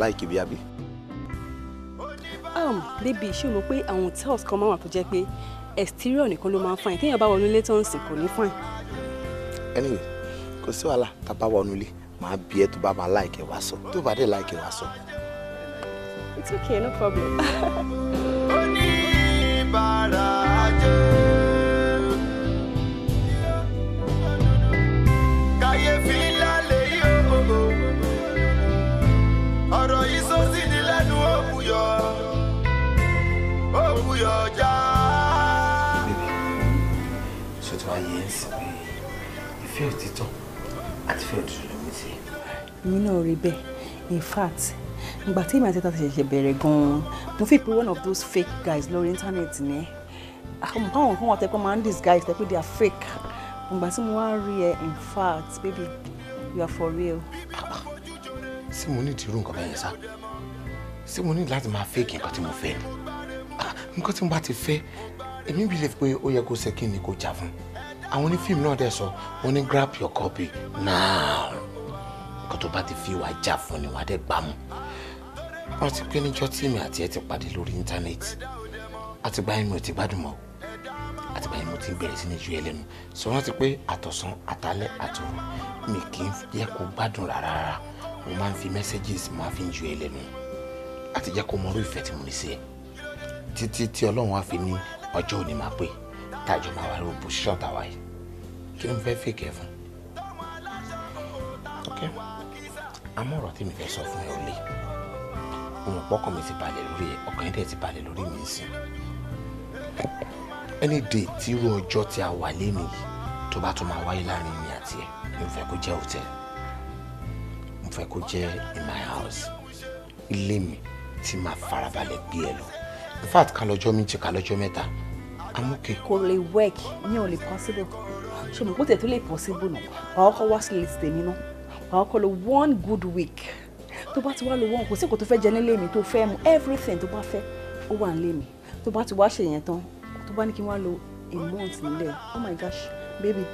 láìkí bí àbí. um bébí ṣé o mọ̀ pé àwọn hotels kan máa wà tó jẹ́ pé exterior nìkan ló máa ń fine téèyàn bá wọnú ilé tó ń sìn kò ní fine. anyway kò sí wàhálà tá a bá wọnú ilé màá bí ẹ tó bá máa láìkẹ wá sọ tó bá dé láìkẹ wá sọ. it's okay no problem. oníbàárà jẹ́. lọ́jà. bẹ́ẹ̀ ṣètò ayé ẹ̀ sì pé ìfẹ́ òtítọ́ àti ìfẹ́ òtítọ́ ló mi sí. èmi náà rí bẹ́ẹ̀ in fact ìgbà tí èmi àti tata ṣẹ̀ṣẹ̀ bẹ̀rẹ̀ gan-an mo fi pe one of those fake guys lórí íńtánẹ́ẹ̀tì ni àwọn báwọn kan wà tẹ́pẹ́ máa ń disguise tẹ́pẹ́ they are fake ìgbà tí mo wá rí ẹ in fact baby you are for real. ṣé mo ní ìdí irú nǹkan bẹ́ẹ̀ yẹn sá ṣé mo ní láti máa fake nǹkan tí mo fẹ́ ni nǹkan tí mo bá ti fẹ́ èmi believe pé ó yẹ kó ṣe kí ni kó jà fún àwọn onífíìmù náà dẹ̀ sọ wọ́n ní grab your copy now nǹkan tó bá ti fi wàá jà fún ni wàá dẹ̀ gbà mú wọ́n ti pé níjọ́ tí èmi àti ẹ ti pàdé lórí íńtánẹ́ẹ̀tì àtìgbà yẹn mi ò ti gbádùn mọ́ àtìgbà yẹn mo ti bẹ̀rẹ̀ sí ní ju ẹlẹ́nu sọ wọ́n ti pé àtọ̀sán àtàlẹ́ àtòru mi kì í yẹ kó gbádùn rárá rárá mo máa ń fi messages máa fi ń ju ẹlẹ́nu àti jẹ́ kó mọ irú ìfẹ́ tí mo ní sí ẹ títí tí ọlọ́run á fi ní ọjọ́ òní máa pé tájọ máa wà lórí position tàwa yìí kí ló ń fẹ́ fèkè fún ok àmọ́ ọ̀rọ̀ tí mi fẹ́ sọ fún ẹ ò lè ohun pọ́kàn mi ti balẹ̀ lórí ẹ ọkàn yẹn dẹ̀ ti balẹ̀ lórí mi sìn ẹni dè tí irú ọjọ́ tí a wà lẹ́nu yìí tó bá tún máa wáyé láàrin mi àti ẹ mo fẹ́ kó jẹ́ hotel mo fẹ́ kó jẹ́ in my house ilé mi tí màá farabalẹ̀ gbé ẹ lọ in fact ká lọ́jọ́ méjì ká lọ́jọ́ mẹ́ta i'm okay. kò lè work ní ò lè possible ṣe mo kó tẹ̀ tó lè possible nù wàá kọ́ wá sí list mi náà wàá kọ́ lo one good week tó bá ti wá lo one kò sí nǹkan tó fẹ́ jẹ nílé mi tó fẹ́ mu everything tó bá fẹ́ ó wà nílé mi tó bá ti wá ṣe yẹn tán tó bá ní kí n wá lo a month nílé oh my gosh baby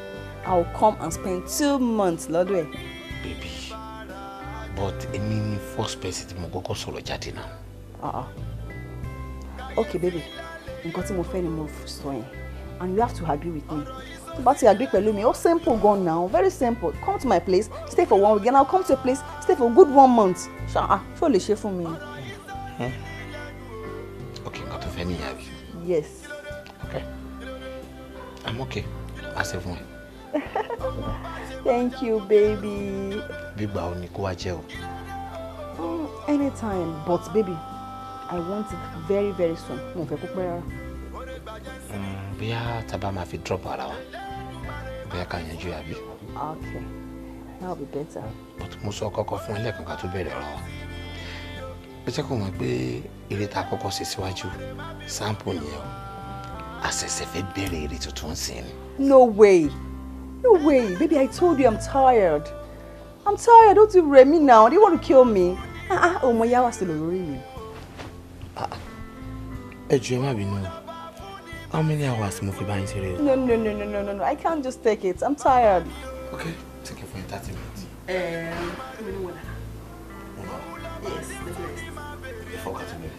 i will come and spend two months lọ́dọ̀ ẹ̀. baby but èmi ni first person tí mo kọ́kọ́ na. Uh uh okay baby nǹkan tí mo fẹ́ ni mo sọ yẹn and you have to agree with me tó bá ti agree pẹ̀lú mi ó simple gan now very simple come to my place stay for one week and i will come to your place stay for good one month ṣáà ah, ṣó lè ṣe fún mi. okay nǹkan tó fẹ́ nìyá yes. okay i'm okay a ṣe fún thank you baby. gbígbà ò ní kó wá jẹ o. Mm, anytime but baby I want it very very soon mo fẹ́ kó pẹ́ rárá. Mm, bóyá tábà máa fi drop ara wa bóyá ká yanjú àbí. okay that will be better. mo sọ kọ́kọ́ fún ẹlẹ́kan ká tó bẹ̀rẹ̀ ọ̀rọ̀ wa ó jẹ́ kó mọ̀ pé eré tá a kọ́kọ́ ṣe síwájú sample nìyẹn o àṣẹ̀ṣẹ̀ fẹ́ bẹ̀rẹ̀ eré tuntun sí no way no way baby I told you I'm tired I'm tired Don't you rẹ̀ me now they want to kill me ah ah ọmọ oh, yá wá sí lórí mi. Ah, jù ẹ má how many hours must we bá in ṣeré No, no no no no no no i can't just take it i'm tired. okay take it for you thirty minutes. Um, yes, the best. you forget to me.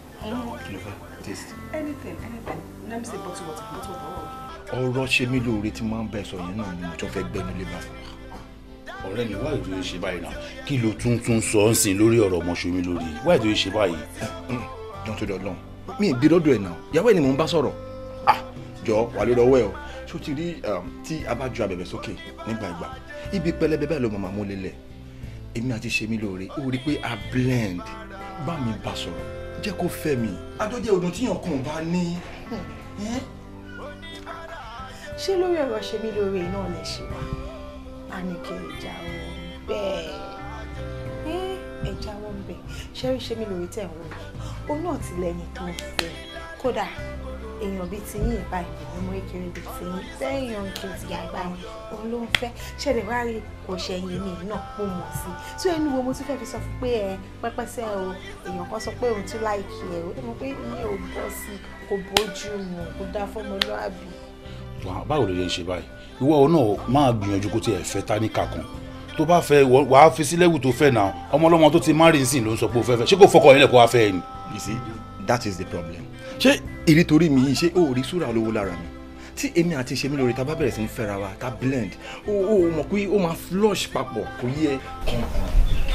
kí ló fẹ́ taste. anything anything let me say bottle water bottle water ọ̀rọ̀ ṣe mí lóore tí máa ń bẹ̀ sọ yẹn náà ni mo tún fẹ́ gbẹ́nu lé bá ọ̀rẹ́ mi wáyé tó yẹ ṣe báyìí náà kí ló tún tún sọ ọ́ sìn lórí ọ̀rọ̀ ọmọ ṣomi lórí jọ nítorí Ọlọ́run mi ì bí lọ́dọ̀ ẹ̀ náà ìyàwó ẹ̀ ni mò ń bá sọ̀rọ̀ ah jọ wà lórí ọwọ́ ẹ o ṣó ti rí um, tí a bá ju abẹ̀bẹ̀ sókè nígbà ìgbà ibi pẹlẹbẹ báyìí ló màmá mú lélẹ̀ èmi àti ṣe mí lóore ó rí i pé a blend bá mi bá sọ̀rọ̀ jẹ́ kó fẹ́ mi. adójẹ́ odun tíyàn kan bá ní. ṣé lórí ọ̀rọ̀ ṣe mí lóore náà lè ṣe wá a ní kí ẹja wọn bẹ́ẹ̀ ẹja wọn bẹ́ẹ̀ ṣé rí ṣe mí lóore tẹ̀ ń yìí ó náà ti lẹ́ni tó ń fẹ́ kódà èèyàn bíi ti yín ìbá ìbùnú mú ìkiri bíi ti yín sẹ́yìn ọ̀nkì ti àgbà yín òun ló ń fẹ́ ṣẹlẹ̀ wá rí kò ṣẹ̀yìn mi náà mo mọ̀ sí tí ẹnu wo mo tún fẹ́ẹ́ fi sọ fún pé ẹ pẹ́pẹ́sẹ́ o èèyàn kan sọ pé òun tún láìkí ẹ o mo pé iye ò bọ́ sí kò bójú mu kò dá fọmọlúàbí. báwo ló yẹ ń ṣe báyìí ìwọ náà máa gbìyànjú kó tiẹ̀ fẹ́ táníkà kan tó bá fẹ́ wàá fi sílẹ̀ wù tó fẹ́ náà ọmọ ọlọ́mọ tó ti má rìn sí ló ń sọ pé ó you see that is the problem ṣé ìrìtorí mi yìí ṣé o ò rí súrà olówó lára mi tí èmi àti ṣe mí lóore tá bá bẹ̀rẹ̀ sí ní fẹ́ra wa tá blend o o mọ̀ pé ó máa flush papọ̀ kò yẹ kankan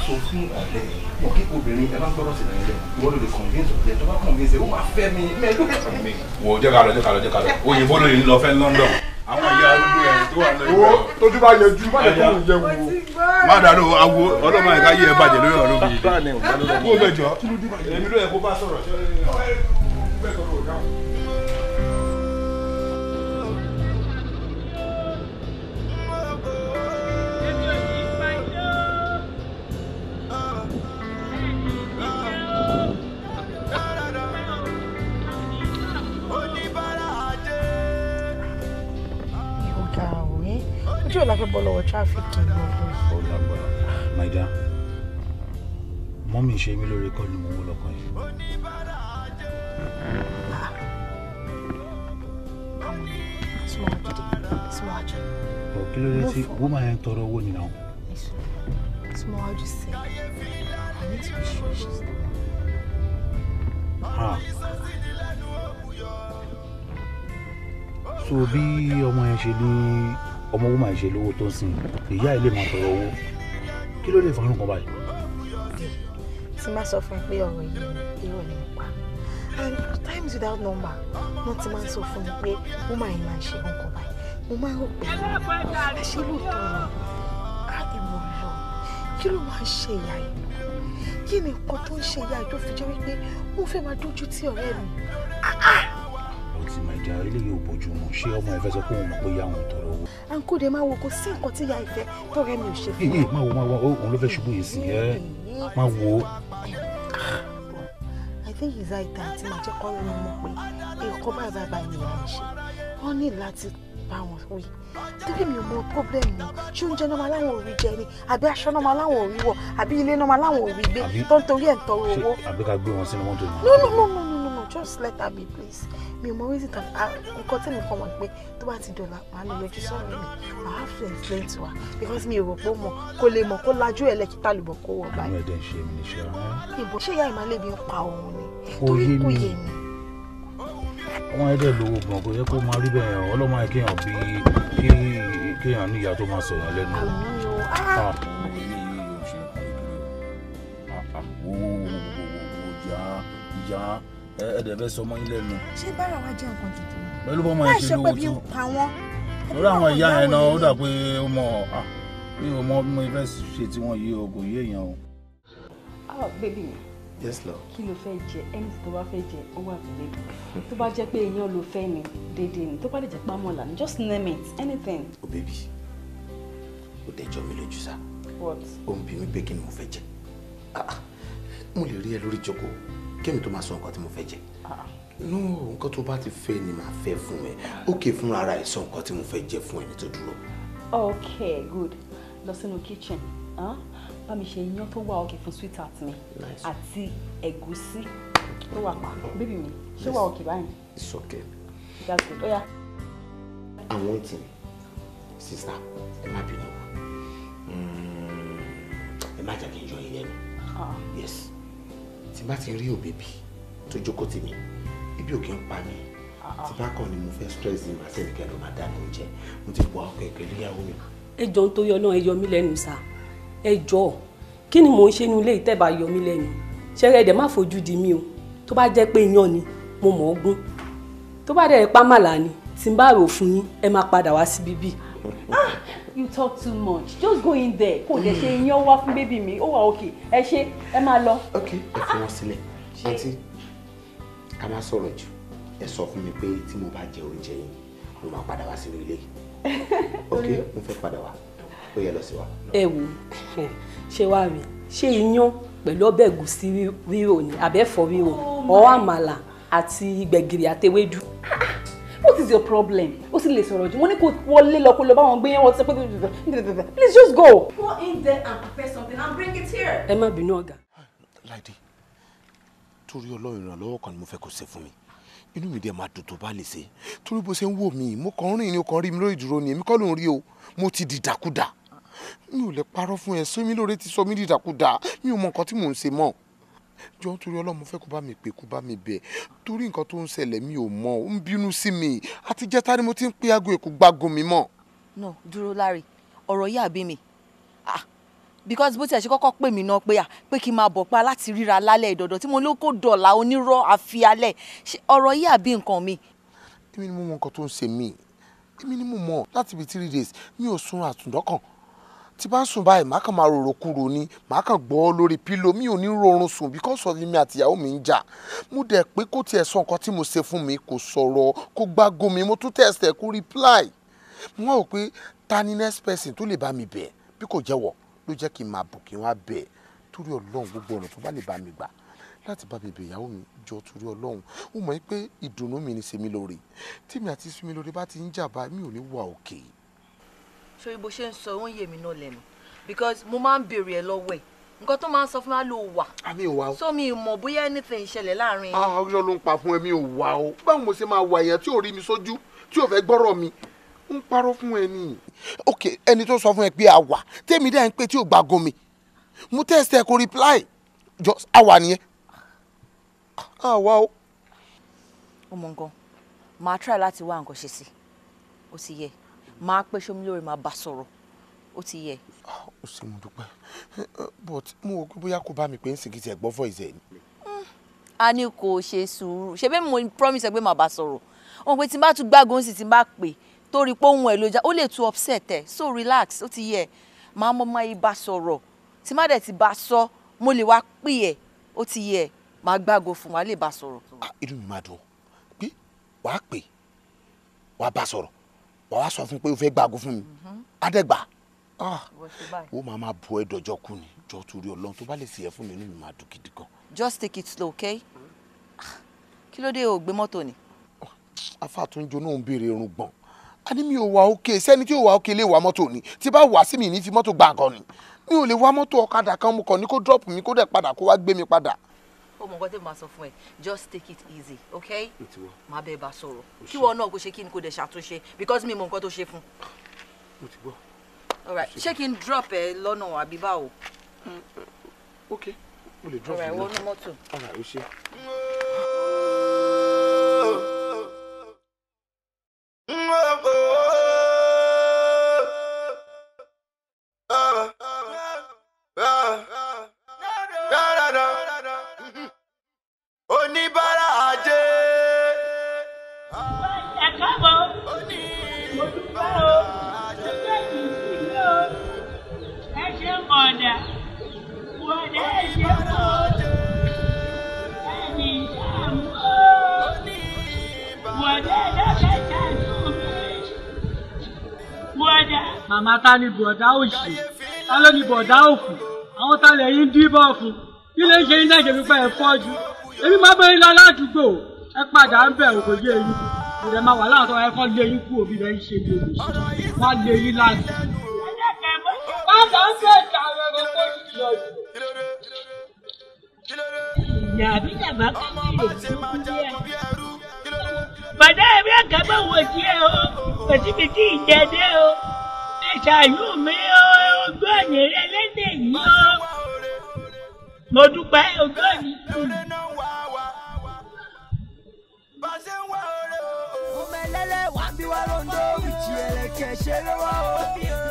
so fún ọ̀rẹ́ mọ̀ kí obìnrin ẹ bá gbọ́dọ̀ sí ìrìn rẹ̀ ìwọ ló lè convince ọ̀rẹ́ tó bá convince ó máa fẹ́ mi mẹ́ẹ̀ẹ́dọ́gbẹ̀sán mi. wò ó jẹ́ ká lọ jẹ́ ká lọ jẹ́ ká lọ òyìnbó ló lè lọ fẹ́ London àwọn ìyá arúgbó ẹ̀rù tó wà lórí ìgbà. tójú bá yẹjú má lẹ́kọ̀ọ́ òun yẹ wo. má dàrú awo ọlọ́mọ ẹ̀ka yí ẹ bàjẹ́ lórí ọ̀rọ̀ mi yìí. kó o bẹ jọ èmi ló yẹ kó bá sọ̀rọ̀. ojú ò láfẹ́ bọ́ lọ́wọ́ tráfíkì my dear mọ́mí ṣe mí lórí kọ́ ni mo wọ lọ́kàn yìí. kí ló dé tí woman yẹn tọrọ owó nìyà o. Smawaju said, I need to be sure Ah. So bí ọmọ yẹn ṣe ní ọmọ owó máa ń ṣe lówó tó ń sìn ìyá ilé máa tọrọ owó kí ló lè fọrùn kan báyìí. tí má sọ fún pé ọ̀rọ̀ yìí irọ́ ni pa and times without number wọ́n ti máa ń sọ fún mi pé ó máa ń máa ṣe nǹkan báyìí mo máa ń rò pé àṣẹ ah, lóòótọ́ ni á ah, ìmọ̀ lọ kí ló máa ń ṣe ìyá yìí kí ni nǹkan tó ń ṣe ìyá yìí tó fi jẹ́ wípé ó fẹ́ máa dójú tì ọ̀rẹ́ mi. Ah, sí máa eléyìí ò bójú ṣé ọmọ ẹ sọ pé òun mọ̀ pé ìyá òun tọrọ owó. à ń kó de máa wo kó sí nǹkan tí ìyá ìfẹ́ tọrẹ mi ò ṣe fún mi. máa wo máa wo òun ló fẹ́ ṣubú yìí sí ẹ máa wo. I think he's right that àti màá jẹ́ kọ́ ló mọ̀ pé èkó báyìí báyìí báyìí ni ìyá ń ṣe wọ́n ní láti bá wọn wí tẹ́bí mi ò mọ pọ́blẹ́mù mọ́ ṣé oúnjẹ náà máa láwọn ò rí jẹ ni àbí aṣọ náà máa láwọn ò rí wọ̀ àbí ilé náà máa láwọn ò gbé tó ń torí ẹ̀ ń tọrọ owó. àbí ká gbé wọn sínú mọ́tò yìí. no no no no no no just let her be please mi ò mọ reason tàbí nǹkan tí mi kàn wọ́n pé tó bá ti dọ̀là màá lọ yọjú sọ́rọ̀ mi màá fi explain to wa because mi ò rò pé ó mọ kó lè mọ kó lajú ẹlẹ́kítà lùbọ̀ kó wọ̀ báyìí. àwọn ẹ̀dẹ̀ ń ṣe mí níṣẹ́ ọ̀hún. ìbò ṣé ìyá ìmàlẹ́bí ń pa òun ni torí kò yé mi wọn ẹdẹ lówó gan kò yẹ kó máa rí bẹ́ẹ̀ ọlọ́mọ yẹ kéèyàn bí kí kéèyàn níyà tó máa sọ̀rọ̀ lẹ́nu. ìyá ìyá ẹ̀ẹ́dẹ̀ sọ ọmọ yín lẹ́nu. ṣé bára wa jẹ́ nǹkan tuntun. pẹ̀lú bọ́mọ yẹn ṣe lówó tó lórí àwọn ìyá yẹn náà ó dà ó mọ mi ò mọ bí mo fẹ́ ṣe tí wọ́n yí o kò yé èèyàn o. ọ bébì mi yes lord kí ló fẹ́ jẹ ẹni tó bá fẹ́ jẹ ó wà nílé tó bá jẹ́ pé èèyàn ló fẹ́ ni déédéé ni tó bá lè jẹ́ pàmòlà ni just name it anything. o bébì o dẹjọ́ mi lójú sá. what. o ń bí mi pé kí ni mo fẹ́ jẹ ah, ah, mo lè rí ẹ lórí ìjókòó kémi tó máa sọ nǹkan tí mo fẹ́ jẹ ah. no nǹkan tó bá ti fẹ́ ni màá fẹ́ fún ẹ ókè fúnra ara ẹ sọ nǹkan tí mo fẹ́ jẹ fún ẹni tó dúró. ok good lọ sínú kitchen ah, bá mi ṣe iyán tó wà òkè fún sweetheart mi àti ẹ̀gúsí tó wà pa bébì mi ṣé wà òkè báyìí. it's okay. that's good. oya. and one thing sister ẹ má bínú hmm, ẹ má jà kí n yọ yín ah. yes bá ti rí baby. tó jókòó tì mí ibi ò kí ń pa mí tí bá kàn ni mo fẹ́ stress ní màá sẹ́ni kẹ́lọ́ máa dáná oúnjẹ mo ti wọ ọkọ̀ ẹ̀kẹ́ níyàwó mi. ẹ jọ ń tó yọ náà ẹ yọ mí lẹ́nu sá ẹ jọ kí ni mò ń ṣe ní ilé ìtẹ́bà yọ mí lẹ́nu ṣẹ́rẹ́ ẹ̀dẹ̀ má di mí o tó bá jẹ́ pé iyán ni mo mọ̀ ọ́ gún tó bá dẹ̀ pàmàlà ni tí n bá rò fún yín ẹ máa padà wá sí bíbí. Ah! you talk too much just go in there kò lè ṣe iyán wá fún bébì mi ó wà òkè ẹ ṣe ẹ máa lọ. ok ẹ fi wọn sílẹ̀ àǹtí ká má sọ̀rọ̀ jù ẹ sọ fún mi pé tí mo bá jẹ oúnjẹ yìí mo máa padà wá sínú ilé ok mo fẹ́ padà wá ó yẹ lọ sí wa. ẹ wò ṣé wàá rí ṣé iyán pẹ̀lú ọbẹ̀ ẹ̀gúsí rírò ni àbẹ́fọ́ rírò ọ̀ oh àmàlà àti gbẹ̀gìrì àtewédú. what is your problem ó sì lè sọ̀rọ̀ jù mo ní kó wọlé lọ kó lọ bá gbé yẹn sọ pé please just go. go in there and prepare something and bring it here. ẹ má bínú ọ̀gá. láìdí torí ọlọ́run ìrànlọ́wọ́ kan ni mo fẹ́ kó ṣe fún mi inú mi dẹ̀ máa dùn tó bá lè ṣe torí bó ṣe ń wò mí mo kàn ń rìn ní o kàn rí mi lórí ìdúró ni èmi kọ́ ló ń rí o mo ti di dàkúdà mi ò lè parọ́ fún ẹ sómi lóore ti sọ mí di dàkúdà mi ò mọ nǹkan tí mò ń ṣe mọ́ jọ nítorí ọlọ́mọ fẹ́ kó bá mi pè kó bá mi bẹ̀ torí nǹkan tó ń ṣẹlẹ̀ mi ò mọ̀ ó ń bínú sí mi àti jẹ́ta ni mo ti ń pè aago èkó gbágun mi mọ̀. no dúró láre ọ̀rọ̀ yìí àbí mi ah because bó tiẹ̀ ṣe kọ́kọ́ pè mí náà pé à ah, pé kí n máa bọ̀ pa láti ríra lálẹ́ ìdọ̀dọ̀ tí mo ló kó dọ̀là onírọ̀ àfialẹ̀ ọ̀rọ̀ yìí àbí nǹkan mi. èmi ni mo mọ nǹkan tó ń ṣe mí èmi ni mo mọ láti bíi three days mi ò sun àtúndọ́kàn tí bá ń sùn báyìí màá kàn máa rorò kúrò ni màá kàn gbọ́ lórí pílò mi ò ní rọrùn sùn because of mi àtìyàwó mi ń jà mo dẹ̀ pé kó tiẹ̀ sọ nǹkan tí mo ṣe fún mi kò sọ̀rọ̀ kó gbágo mi mo tún text ẹ̀ reply mo wá pé ta ni next person tó lè bá mi bẹ̀ bí kò jẹ́wọ́ ló jẹ́ kí n máa bù kí n wá bẹ̀ torí ọlọ́run gbogbo ọ̀nà tó bá lè bá mi gbà láti bá bèbè ìyàwó mi jọ torí ọlọ́run ó mọ̀ pé ìdùnnú mi ni sèmi lóore tèmi àti sèmi lóore bá ti ń jà bá mi ò ní wà òkè okay ṣé bó ṣe ń sọ ó ń náà lẹ́nu because mo máa ń béèrè ẹ lọ́wọ́ ẹ̀ nǹkan tó máa ń sọ fún mi ló wà. Ah, so mi mọ̀ bóyá anything ìṣẹ̀lẹ̀ láàrin. ah ọjọ́ ló ń pa fún ẹ mi ò wà o báwo mo ṣe máa wà èèyàn tí ò rí mi sójú tí ò fẹ́ gbọ́rọ̀ mi ń parọ́ fún ẹ nìyí. ok ẹni tó sọ fún ẹ pé a wà tèmi dá ẹ ń pè tí ò gbàgò mi mo test ẹ kó reply jọ a wà nìyẹn a wà o. ọmọ nǹkan màá try láti wá nǹkan ṣe sí i ó ti yẹ máa pẹ́ sómi lórí máa bá sọ̀rọ̀ ó ti yẹ. Ah, ó sì mú dúpẹ́ but mo wò pé bóyá kò bá mi pé ń sìnkì tiẹ̀ gbọ́ voice ẹ̀ ni. a ní kò ṣe sùúrù ṣebí mo promise ẹ pé màá bá sọ̀rọ̀ wọn pé tí n bá tún gbágun sí tí n bá pè torí pé ohun ẹ̀ ló já ó lè tún upset ẹ̀ so relax ó ti yẹ màá mọ máa yí bá sọ̀rọ̀ tí má dẹ̀ ti bá sọ mo lè wá pè ẹ̀ ó ti yẹ màá gbágun fún wa lè bá sọ̀rọ̀. Ah, inú mi máa dùn pé wàá pè wàá bá sọ̀rọ̀ wà wá sọ fún pé o fẹ́ gbàgò fún mi adẹ́gbà mhm. ah. ó máa máa bu ẹ̀dọ̀jọ́ kù ni jọ torí ọlọ́run tó bá lè fìyẹ́ fún mi inú mi máa dùn gidi gan. just take it slow okay ah. kí ló dé o gbé mọ́tò ni. afa tó ń jóná ń béèrè irun gbọ̀n a ní mi ò wá òkè sẹ́ni tí ò wá òkè lè wá mọ́tò ni tí bá wá sí mi ní fi mọ́tò gbà ni mi ò lè wá mọ́tò ọ̀kadà kan mo kàn ní kó drop mi kó dẹ̀ padà kó wá gbé mi padà ó mọ nǹkan tí mo máa sọ fún just take it easy okay máa bẹ́ẹ̀ bá sọ̀rọ̀ kí wọn náà kó ṣe kí ni kó dẹ̀ because mi mọ nǹkan tó ṣe fún. mo ti gbọ́. alright ṣé kí n drop Okay. lọ́nà àbí báwo. ok mo lè drop ẹ lọ́nà alright o ṣe. màmá ta ni bọ̀dá òṣì ta ló ni bọ̀dá òkú àwọn ta lè yín díbọ̀ fún kí lè ṣe iná ìṣèlú pé ẹ fọ́jú èmi má bẹ́ẹ̀ lọ ládùúgbò ẹ padà ń bẹ̀ òkò yé eyín kò dẹ̀ máa wà láàtọ̀ ẹ kọ́ lé eyín kú òbí rẹ̀ ń ṣe bí olùṣe wá lé eyín láti. bàbá ń bẹ̀ ta àwọn ọmọ ìlọ ìyá àbí bàbá kọ́ bí èyí bàdá ẹ̀rí àgàbọ̀ wò sí ẹ o kò síbi tí ìjẹ́ dé o ṣàánú mi ojú ọ̀nà ẹlẹ́dẹ̀ yìí o mo dúpẹ́ ojú ọ̀nà ìlú. ọmọ ẹlẹ́lẹ̀ wà bí wà lóńdó ìjì ẹ̀rẹ̀kẹ̀ ṣe lọ́wọ́ o.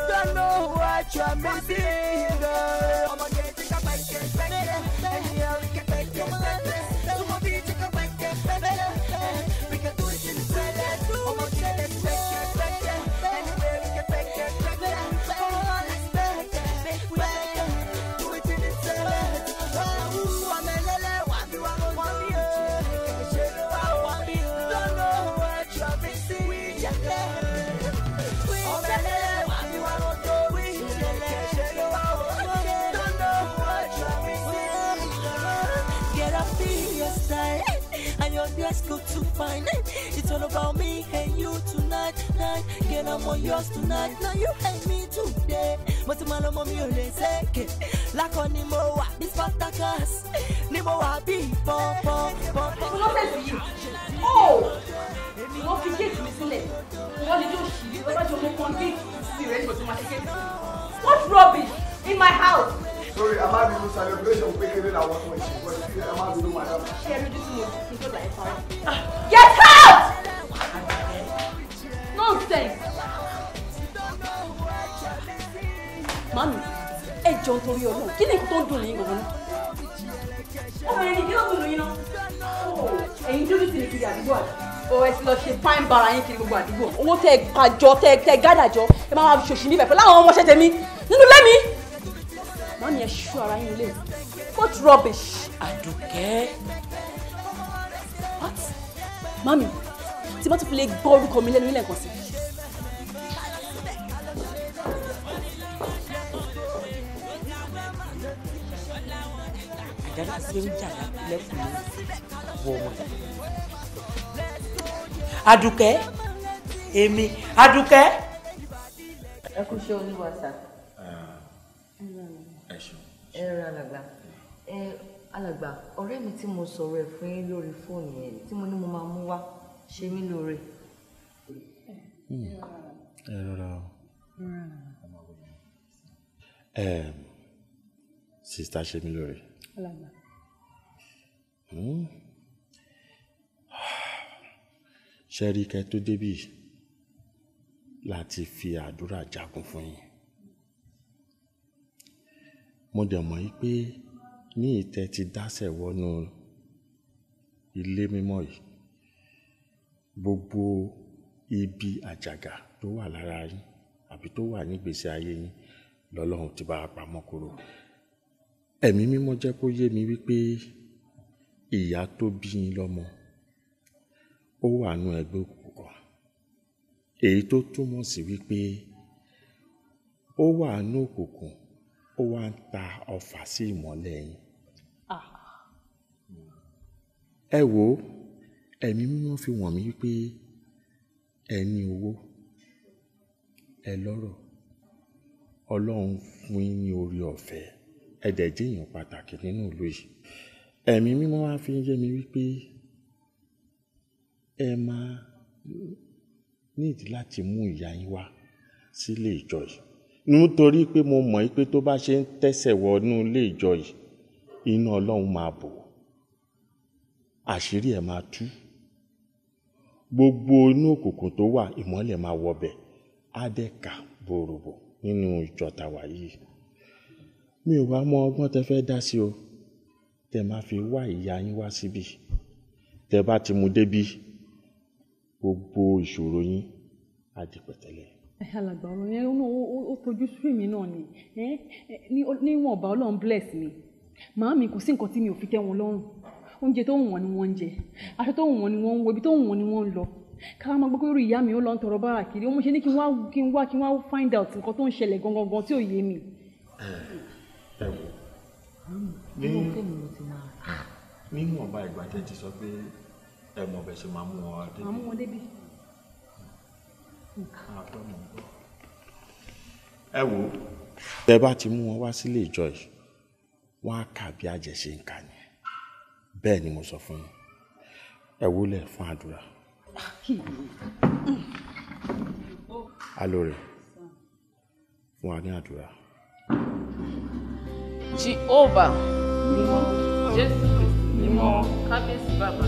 don't know who what you are missing. fine. Eh? It's all about me and you tonight, night. Girl, I'm on yours tonight. Now you hate me today. Mo ti máa lọ mọ mi ò lè ṣèké. Lákọ̀ ni mo wà bí Spartacus. Ni mo wà bí pọ́npọ́n pọ́npọ́n. Oh, lọ fẹ̀sùn yìí. Ó wọ́n fi géètì mi sílẹ̀. Wọ́n lè yóò ṣì í. Wọ́n bá jọ mo kàn géètì sí rẹ̀ nígbà tó máa ṣe géètì. What rubbish in my house? sorry a máa bínú celebration pékeré làwọn tó ń ṣe but a máa bínú madam. ṣé ẹ lójú tí mo ti tó dà ẹ fara. get out. nonsense. mami ẹ jọ nítorí Ọlọ́run kí ni nǹkan tó ń dùn yín gbọ̀ngàn náà. obìnrin ni kí ló dùn yín náà. Oh, ẹ̀yin dúró sí ni kiri àdúgbò àti o oh, ẹ ti lọ ṣe fine bara yín kiri gbogbo àdúgbò owó tẹ ẹ pàjọ tẹ ẹ gádàjọ ẹ máa wá ṣòṣì níbẹ̀ pẹ̀lú àwọn ọmọọṣẹ́ tèmi nínú lẹ́mi wọ́n ní ẹ ṣú ara yín lé what rubbish. àdùkẹ́. what mami tí bá tún fi lè gbọ́ orúkọ mi lẹ́nu nílẹ̀ kan sí. àjálù ti ń jà lẹ́kùn wọ ọmọ yìí. àdùkẹ́ èmi àdùkẹ́. ẹ kú ṣe oníwàsá ẹ ra alàgbà ẹ alàgbà ọ̀rẹ́ mi tí mo sọ̀rọ̀ ẹ̀ fún yín lórí fóònù yẹn tí mo ní mo máa mú wá ṣe mí lóore. ẹ rọra o sista ṣe mí lóore. alàgbà. Hmm? ṣẹ́ríkẹ́ tó débì láti fi àdúrà jagun fún yín mo dẹ̀ mọ̀ wípé ní ìtẹ́ ti dásẹ̀ wọnú ilé mímọ́ yìí gbogbo ibi àjàgà tó wà lára yín àbí tó wà nígbèsè ayé yín lọ́lọ́run ti bá a pamọ́ kúrò ẹ̀mí mímọ́ jẹ́ kó yé mi wípé ìyá tó bí yín lọ́mọ ó wà nú ẹgbẹ́ òkùnkùn èyí tó túmọ̀ sí wípé ó wà nú òkùnkùn ó wá ń ta ọfà sí ìmọ́lẹ̀ yín. Ah. ẹ wo ẹ̀mí mímọ́ fi wọ̀n mí pé ẹ ní owó ẹ lọ́rọ̀ ọlọ́run fún yín ní orí ọ̀fẹ́ ẹ dẹ̀ jẹ́ èèyàn pàtàkì nínú ìlú yìí ẹ̀mí mímọ́ wá fi yé mi wípé ẹ máa nídìí láti mú ìyá yín wá sílé ìjọ yìí nítorí pé mo mọ̀ pé tó bá ṣe ń tẹ̀sẹ̀ wọnú ilé ìjọ yìí inú ọlọ́run máa bò àṣírí ẹ̀ máa tú gbogbo inú òkùnkùn tó wà ìmọ́lẹ̀ máa wọbẹ̀ ádẹ́ka bòròbò nínú ìjọta wà yìí mi ò wá mọ ọgbọ́n tẹ fẹ́ dá sí o tẹ máa fi wá ìyá yín wá síbi tẹ bá ti mú débi gbogbo ìṣòro yín á di pẹ̀tẹ́lẹ̀ alàgbà ọ̀rọ̀ yẹn ó tojú sú mi náà ni níwọ̀nba ọlọ́run bless mi màá mi kò sí nǹkan tí mi ò fi tẹ́ wọn lọ́rùn oúnjẹ tó wù wọ́n ni wọ́n ń jẹ aṣọ tó wù wọ́n ni wọ́n ń wọ ibi tó wù wọ́n ni wọ́n ń lọ káwá máa gbọ́ pé orí ìyá mi ó lọ ń tọrọ bára kiri ó mú ṣe ní kí n wá kí n wá kí n wá find out nǹkan tó ń ṣẹlẹ̀ gangan gan tí ò yé mi. ẹ wò ní níwọ̀nba ah, ìgbà tẹ́ ti sọ pé ẹ mọ̀ bẹ́ẹ̀ ṣe máa mú wọn dé. máa mú wọn débi ẹ wò ó. tẹ bá ti mú wọn wá sílé ìjọ yìí wọn á kà bí àjẹsẹ ń kà yẹn bẹ́ẹ̀ ni mo sọ fún yín ẹ wúlẹ̀ fún àdúrà. alóore fún wa ní àdúrà. Jehovah mímọ́ Jésù mímọ́ kábíyèsí bàbá.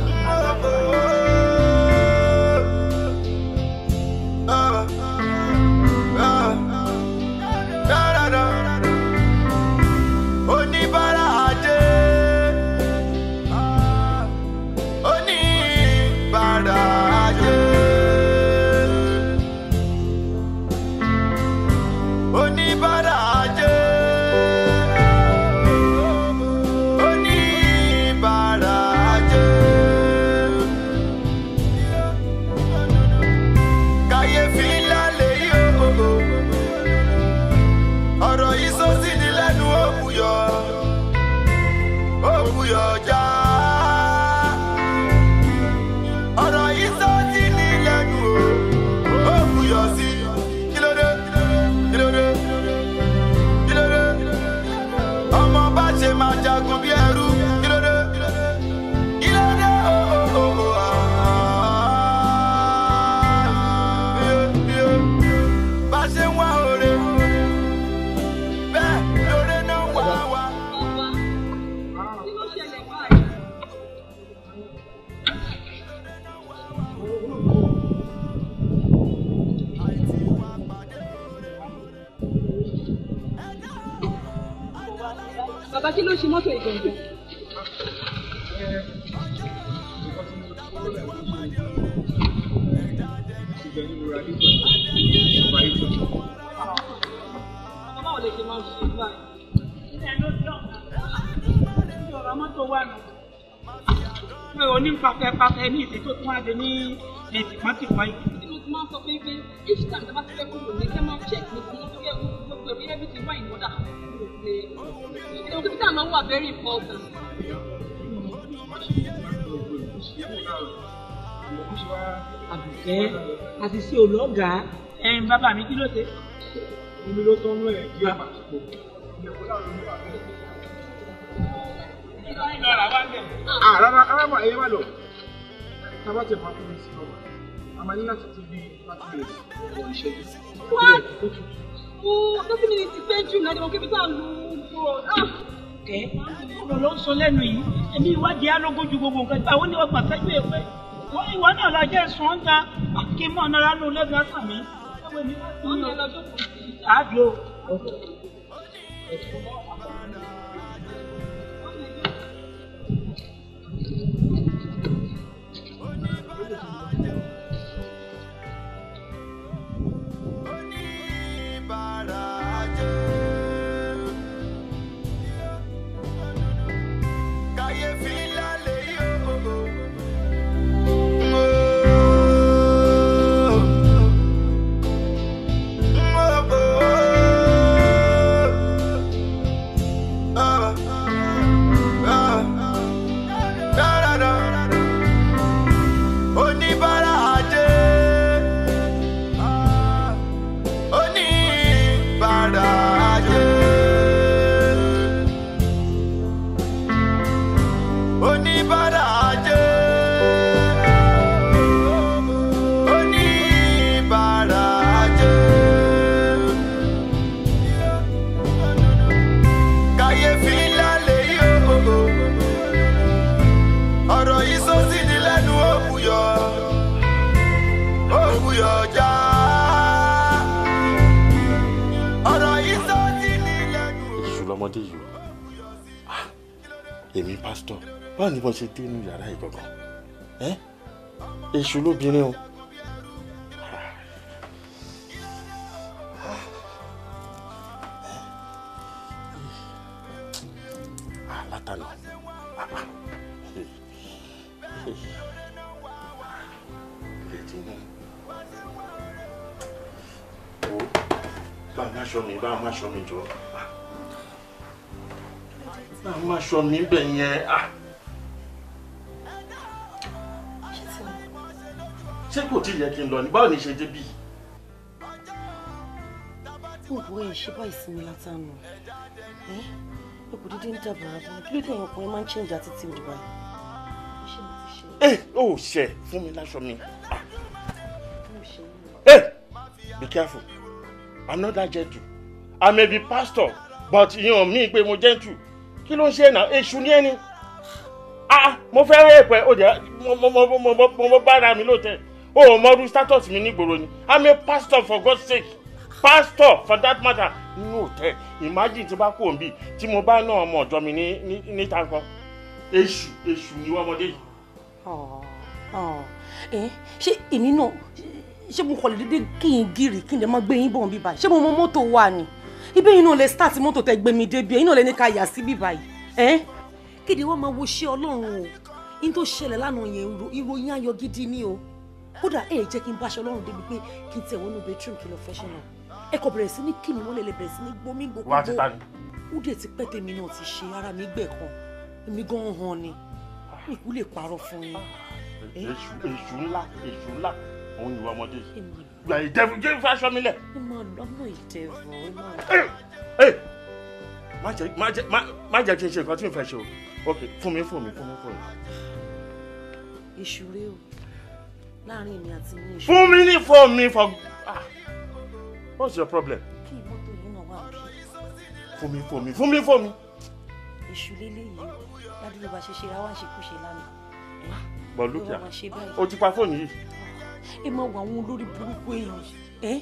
pé onífàfẹ́fàfẹ́ ní ìsìn tó are very important. àbùkẹ́ àti sí ológa. ẹyin bàbá mi kí ló dé. omi ló tán lóye bí a máa sọ. Ah, rárá rárá mọ ẹyẹ má lọ tábà tẹ fún akọrin sí ọmọ a máa ní láti ti bí pàtó lè wọ iṣẹ́ yìí. wá ó tó fi mi ti pẹ́ jù náà ni mo kébi tá a lù ú bọ̀ kẹ́ ọ̀rọ̀ ló ń sọ lẹ́nu yìí èmi ìwádìí alógún gbogbo nǹkan ìgbà wọn ni wọn pàṣẹ ju èpè wọn náà la jẹ́ sùn ń ta ah, kí n mọ̀ nara nù lẹ́gbẹ̀ẹ́ sàmì. àdó. Oníbàárà jẹ́. báwo ni wọ́n ṣe dé inú yàrá ìgbọ̀ngàn ẹ́ èṣù lóbìnrin o. Ah. Ah, látànà bá a má ṣọ mi bá a má ṣọ mi jọ ah. bá a má ṣọ mi bẹ̀ yẹn. ṣé kò tí ì yẹ kí n lọ ní báwo ni ṣe débí. òbú ẹ̀ ṣe bá ìsinmi látàánú ẹ kò dídí ń dàbàrà bọ́ kí ló dé ẹ̀yàn ọkùnrin máa ń change attitude báyìí. ẹ ò ṣe fún mi láṣọ mi. ẹ be careful i'm not that gentle i may be pastor but yan mi pé mo gentle kí ló ń ṣe náà èṣù ní ẹni ah mo fẹ́ràn èpè ó jẹ́ mo mo bára mi lóòótọ́ o ò mọrú status mi nígboro ni i'm a pastor for God's sake pastor for that matter nínú òtẹ imagine tí bá kú òǹbí tí mo bá ná ọmọ ọ̀dọ́ mi ní níta kan èṣù èṣù ni wọ́n ọmọdé yìí. ẹ eh, ṣé èmi náà ṣé mo kọ̀ lè dédé kí n gírì kí n lè má gbé yín bọ̀ ń bí báyìí ṣé mo mọ mọ́tò wà ni ibẹ̀ yín náà lè start mọ́tò tẹ gbé mi débi ẹ̀yin náà lè ní ká yà sí bí báyìí. Eh? kéde wọn máa wo ṣé ọlọ́run o yín tó ṣẹlẹ̀ lánàá yẹn ìròyìn ayọ̀ gidi ni o kódà ẹ jẹ́ kí n bá aṣọ ọlọ́run débi pé kí n tẹ̀ wọnú bedroom kí n lọ fẹ́ṣẹ̀ náà ẹ kò bẹ̀rẹ̀ sí ní kí ni wọ́n lè bẹ̀rẹ̀ sí ní gbómi gbogbo ó dẹ̀ ti pẹ́ tèmi náà ti ṣe ara mi gbẹ̀ kan èmi gan-an hàn ni ìkú lè parọ́ fún yín. èṣù ńlá èṣù ńlá òun ìwà ọmọdé gba ìdẹ́fu jẹ́ fáṣọ mi lẹ̀. ẹ máa lọ ọmọ ìdẹ́fu má jẹ́ kí n ṣe nǹkan tí n fẹ́ ṣe o ok fún mi fún mi fún mi fún mi láàrin èmi àti yín. fún mi ní for me for ah what's your problem. kí mọ́tò yìí náà wà bí. fún mi fún mi fún mi fún mi. èṣù lélẹ́yìí ládùúgbò bá ṣe ṣe ra wá ṣe kú ṣe lánàá. Ah, bọ̀ lókìá o ti pa fóònù yìí. ẹ máa wọ àwọn olórí burúkú èèyàn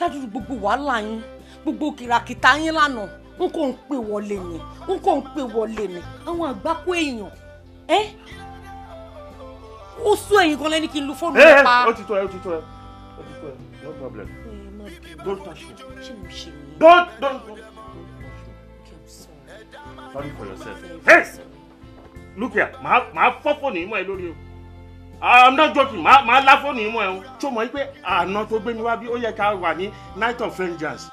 ládùúgbò gbogbo wàhálà yín gbogbo kìràkìtà yín lánàá n kò ń pè wọlé ni n kò ń pè wọlé ni àwọn àgbákò èèyàn ó sún ẹ̀yìn gan lẹ́ni kí n lu fóònù eh, rẹ eh, pa. ó ti tó ẹ ó ti tó ẹ ó ti tó ẹ no problem eh, don't touch me don't don't don't sorry for yourself hey look here màá màá fọ́ fóònù yìí mọ́ ẹ lórí o i'm not joking màá màá lá fóònù yìí mọ́ ẹ o tó mọ̀ pé àná tó gbé mi wá ó yẹ ká wà ní night of vengeance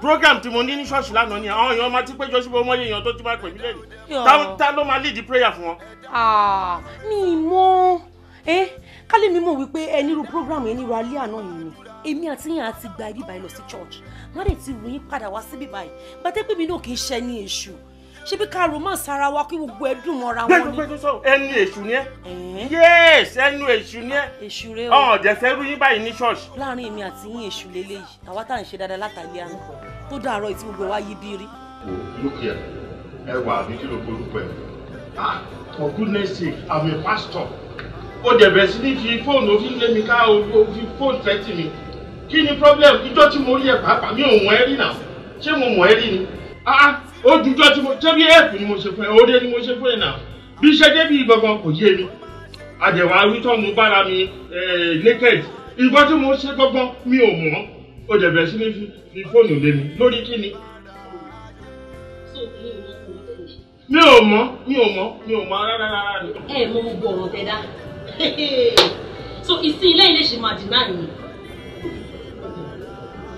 program tí mo ní ní ṣọ́ọ̀ṣì lánàá ni àwọn èèyàn máa ti péjọ síbi ọmọ èèyàn tó ti máa pè mí lẹ́yìn ta ló máa lead prayer fún wọn. mi mọ ẹ kálí mi mọ wípé ẹ program yẹn nírú alẹ́ àná yìí ni èmi àti yín àti gba ibi báyìí lọ sí church má dé ti ròyìn padà wá síbi báyìí gbàtẹ́pẹ́ mi náà kì í ṣe ní èṣù ṣebí ká romance ara wa kí gbogbo ẹ mọ́ra wọn ni. ẹnu èṣù ni ẹ yes ẹnu èṣù ni ẹ èṣù rẹ o ọ̀n jẹ̀sẹ̀ rú yín báyìí ní ṣọ́ọ̀ṣì. láàrin èmi àti yín èṣù lélẹ́yìí àwa tá à ń ṣe dáadáa látàlẹ́ àná tó dàárọ̀ ìtí gbogbo wa yí bírí. look here ẹ wà ní kí ló polúkọ ẹ ah for goodness sake i'm a pastor ó dẹ̀ bẹ̀rẹ̀ sí ní fi fóònù òfin lé mi ká òfin fóònù tẹ́tì mi kí ni problem ìjọ́ tí mo rí ẹ pàápàá mi ò mọ̀ ẹ́ rí náà ṣé mo mọ̀ ẹ́ rí ni ah ojújọ́ tí mo ṣé bí ẹ̀ẹ́pù ni mo ṣe fún ẹ òde ni mo ṣe fún ẹ náà bí ṣe débi gbọ̀ngàn kò yé mi àdẹ̀wà wítọ́ mo bára mi eh, naked nǹkan tí mo ṣe gbọ̀ngàn mi ò mọ̀ ọ́ ó jẹ bẹ̀rẹ̀ sí ní fi fóònù lé mi lórí kí ni. mi ò mọ̀ mi ò mọ̀ mi ò mọ̀ rárá rárá ni. ẹ mọ gbogbo ọ̀rọ̀ tẹ dá so ìsín ilé ilé ṣì máa dìnnà yìí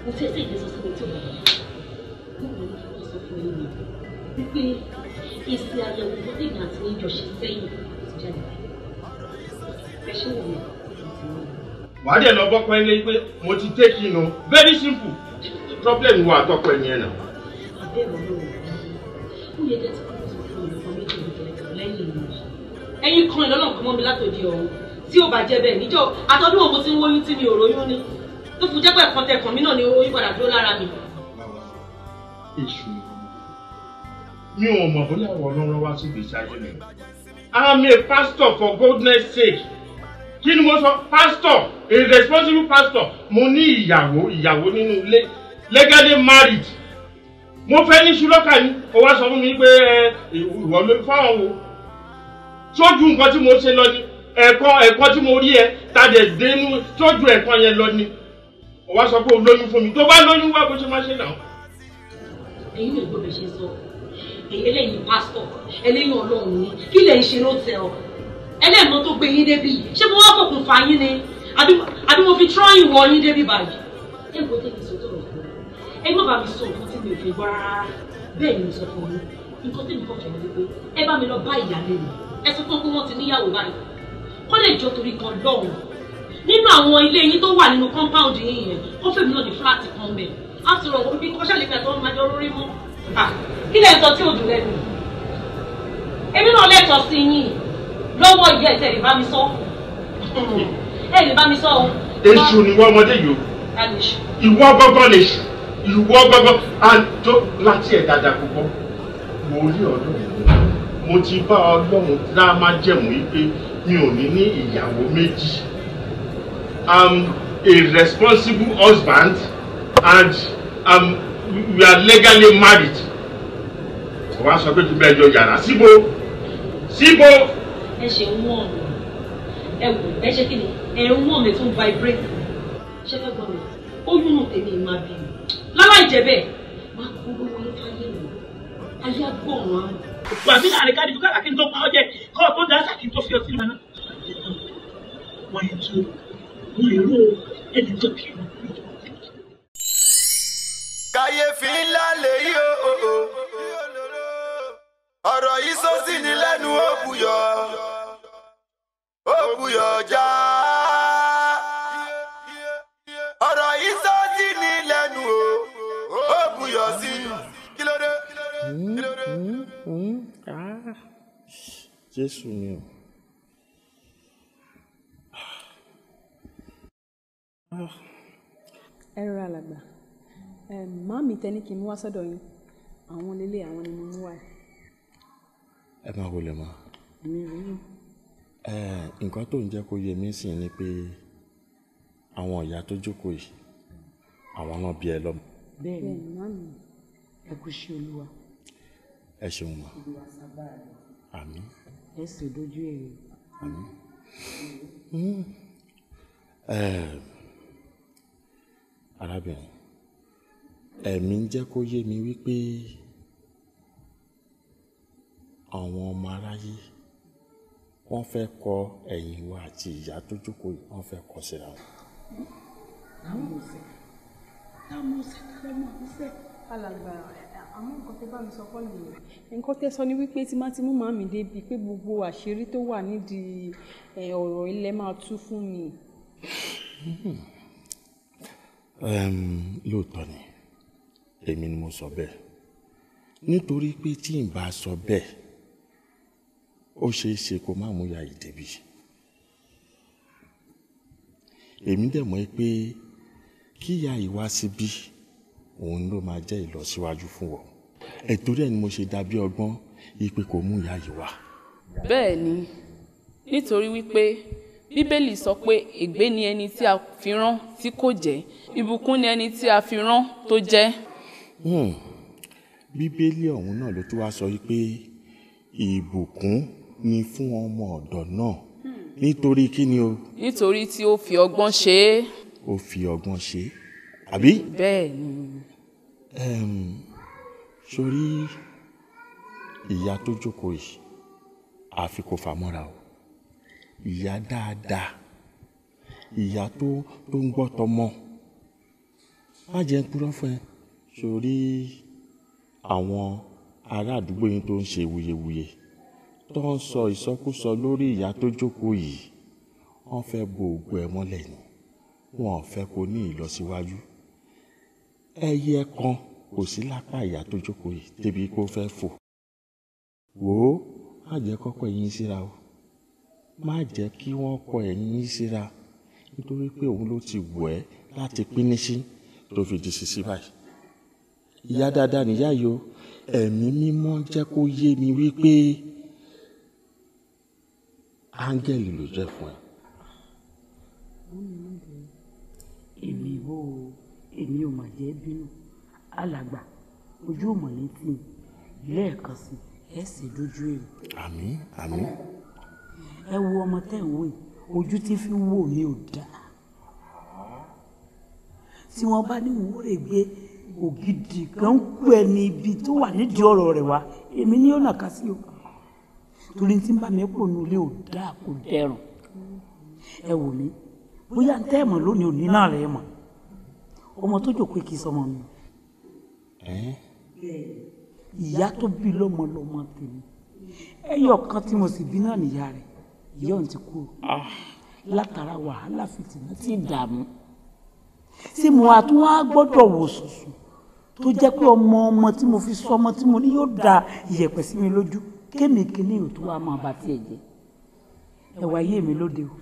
mo fẹ́ sẹ́yìn lè sọ sí mi tí ò bá wà wípé èsì àyẹ̀wò tó dìgbà tí ìjọ ṣe sẹ́yìn ti jáde. ẹ ṣe wò ó wàá dẹ̀ lọ bọ́pọ̀ ilé pé mo ti take in o very simple problem wà tọkọ ẹ̀ yẹn nà. ẹ̀yin kan ìlọ́nà kan mọ́ mi látòdì ọ̀hún tí ò bá jẹ́ bẹ́ẹ̀ níjọ́ àtọ́dún òun ti ń wóyún tí mi ò róyún ní tó fi jẹ́ pé ẹ̀kan tẹ̀kàn mi náà ni oyún padà dúró lára mi. èṣù mi ò mọ̀ bóyá ọ̀rọ̀ ọlọ́run wá sí ìgbésí ayé mi. I'm a pastor for goodness sake kí ni mo sọ pastor a responsible pastor mo ní ìyàwó ìyàwó nínú ilé legally married mo fẹ́ ní ṣúlọ́kà ni ó wá sọ fún mi pé ìwọ ló fáwọn wo sójú nǹkan tí mo ṣe lọ ni ẹ̀kọ́ ẹ̀kọ́ tí mo rí ẹ tàdé dénú sójú ẹ̀kọ́ yẹn lọ ni ó wá sọ pé o lóyún fún mi tó bá lóyún wá bó ṣe máa ṣe náà. ẹ̀yin ò gbọ́dọ̀ ṣe sọ eléyìí pásítọ̀ eléyìí Ọlọ́run ni kí lè ṣe ló tẹ ọ ẹlẹ́ẹ̀mọ́ tó gbé yín débi ṣé mo wá kòkùn fà yín ni àbí mo fi tírọ́yìn wọ yín débi báyìí. ẹ wo tẹ́ mi sọ tó rọ̀ fún ẹ má bàa mi sọ nǹkan tí mi ò fi gbọ́ rárá bẹ́ẹ̀ ni mo sọ fún yín nǹkan tí mi kọ́ fẹ́ẹ́ wípé ẹ bá mi lọ bá ìyáálé mi ẹ sọ fún pé wọ́n ti níyàwó báyìí kọ́ lè jọ torí kan lọ́hùn nínú àwọn ilé yín tó wà nínú compound yín yẹn ó fèmí náà ní fúláàtì kan bẹ̀ á ah, sọ̀rọ̀ lọ́wọ́ ìyá ẹ̀ tẹ̀lé bá mi sọ ẹ̀ lè bá mi sọ o. èṣù ni wọ́n ọmọdé yìí o ìwọ gbọ́ngàn lè ṣù ìwọ gbọ́ngàn á láti ẹ̀ dáadáa gbogbo mo rí ọdún mo ti bá ọlọ́run dá máa jẹ̀mú yìí mi ò ní ní ìyàwó méjì I'm a responsible husband and um, we are legally married. Wọ́n á sọ pé kí bẹ́ẹ̀ jọ yàrá síbo síbo ẹ ṣe ń wọ̀n mi ẹ wò ẹ ṣe kí ni ẹ ń wọ̀n mi tún vibrate ṣe fẹ́ gbọ́ mi ó yúnú tèmi máa bì mí lára ìjẹ́bẹ̀ máa kó lówó lọ́jọ́ ayé mi ayé agbóhùn àwọn. wà á sí láàrin káàdì fúkàrà kí n tó pa ọ jẹ kọ́ ọ tó dá sá kí tó fi ọtí lọ náà. wọ́n yẹ tó wọ́n yẹ ró ẹni tó kí wọ́n kàyéfì ńlá lèyí o ọ̀rọ̀ yìí sọ sí ni lẹ́nu ó buyọ̀ ó buyọ̀ já. ọ̀rọ̀ yìí sọ sí ni lẹ́nu ó ó buyọ̀ sí. kí mm, mm, mm, ah. jésù mi o. Ah. ẹ alàgbà màmí tẹ́ ní kí mú wá sọ́dọ̀ yín àwọn lélẹ̀ àwọn ni mo mú wá yìí ẹ máa wọlé mọ́ nǹkan tó ń jẹ́ kó yé mi sì ni pé àwọn ìyá tó jókòó yìí àwọn náà bí ẹ lọ́mọ. bẹ́ẹ̀ni mami ẹ kú sí olúwa. ẹ ṣeun ma àmín. ẹ sì dojú èrè. àmín. arábìnrin ẹ̀mí ń jẹ́ kó yé mi wípé àwọn ọmọ aráyé wọ́n fẹ́ kọ ẹ̀yìn wa àti ìyá tó jókòó yìí wọ́n fẹ́ kọ síra wọn. àwọn ọ̀sẹ̀ táwọn ọ̀sẹ̀ táwọn ọ̀sẹ̀ alàgbà àwọn nǹkan tó bá mi sọ fọ́ọ̀lì rẹ̀. nǹkan tẹ́ sọ ni wípé tí má ti mú màmí débi pé gbogbo àṣírí tó wà nídìí ọ̀rọ̀ ilẹ̀ máa tú fún mi. lóòótọ́ ni èmi ni mo sọ bẹ́ẹ̀ nítorí pé tí n bá sọ bẹ́ẹ̀ ó ṣeé ṣe kó má mú ya yìí débi èmi dẹ̀ mọ̀ pé kí ya yìí wá síbí òun ló máa jẹ́ ìlọsíwájú fún ọ ẹ̀tọ́ rẹ̀ ni mo ṣe dàbí ọgbọ́n ipe kò mú ya yìí wá. bẹ́ẹ̀ ni nítorí wípé bíbélì sọ pé ègbé ni ẹni tí a fi rán tí kò jẹ́ ìbùkún ni ẹni tí a fi rán tó jẹ́. Hmm, bíbélì ọ̀hún náà ló tún wá sọ wípé ìbùkún ni fún ọmọ ọ̀dọ̀ náà hmm. nítorí kí ni o. nítorí tí ó fi ọgbọ́n ṣe é. ó fi ọgbọ́n ṣe é àbí. bẹ́ẹ̀ ni. sórí ìyá tó jókòó yìí àfi kò fàmọ́ra o ìyá dáadáa ìyá tó tó ń gbọ́ tọmọ má jẹ́ ń purọ́ fún ẹ sórí àwọn ará àdúgbò yín tó ń ṣe wuyewuye. Wuye tó ń sọ ìsọkúsọ lórí ìyá tó jókòó yìí wọ́n fẹ́ bo ògo ẹ̀ mọ́lẹ̀ ni wọn ò fẹ́ kó ní ìlọsíwájú ẹyẹ kan kò sí lápá ìyá tó jókòó yìí débi kó fẹ́ fò wò ó má jẹ́ kọ́kọ́ ẹ̀yìn síra o má jẹ́ kí wọ́n kọ ẹ̀yìn síra nítorí pé òun ló ti wù ẹ́ láti pínísí tó fi di sisi báyìí ìyá dáadáa nìyá yìí o ẹ̀mí mímọ́ jẹ́ kó yé mi wípé áńgẹ́lì ló jẹ́ fún ẹ. èmi ìwọ o èmi ò mà jẹ́ bínú alàgbà ojú ò mọ̀ létí lẹ́ẹ̀kan sí ẹ sì dojú èrè. àmín àmín. ẹ wo ọmọ tẹ́ ń wò yìí ojú tí fi wò mí ò dáa tí wọ́n bá ní wúrẹ̀ gbé ògidì kan ń pẹ́ ní ibi tó wà nídìí ọ̀rọ̀ rẹ̀ wá èmi ni ó nàka sí o torí tí ń bá mi pò nílé ò dáa kò dẹrùn ẹ wò mí bóyá ń tẹ́ ẹ̀mọ̀ lónìí òní náà rẹ̀ mọ̀ ọmọ tó jòkó kì í sọmọ mi. ìyá tó bí lọ́mọ lọ́mọ tèmi ẹyọ kan tí mo sì bí náà nìyá rẹ̀ ìyá òun ti kú ah. látara wàhálà fìtìmọ́ tí dààmú ṣé mo àtún wá gbọ́dọ̀ wò sùsù tó jẹ́ pé ọmọ ọmọ tí mo fi sọmọ tí mo ní yóò da ìyẹ̀pẹ̀ sí mi lójú kémi kìíní ò tó wá máa bá tiẹ̀ jẹ́ ẹ̀wà ayé mi lóde o.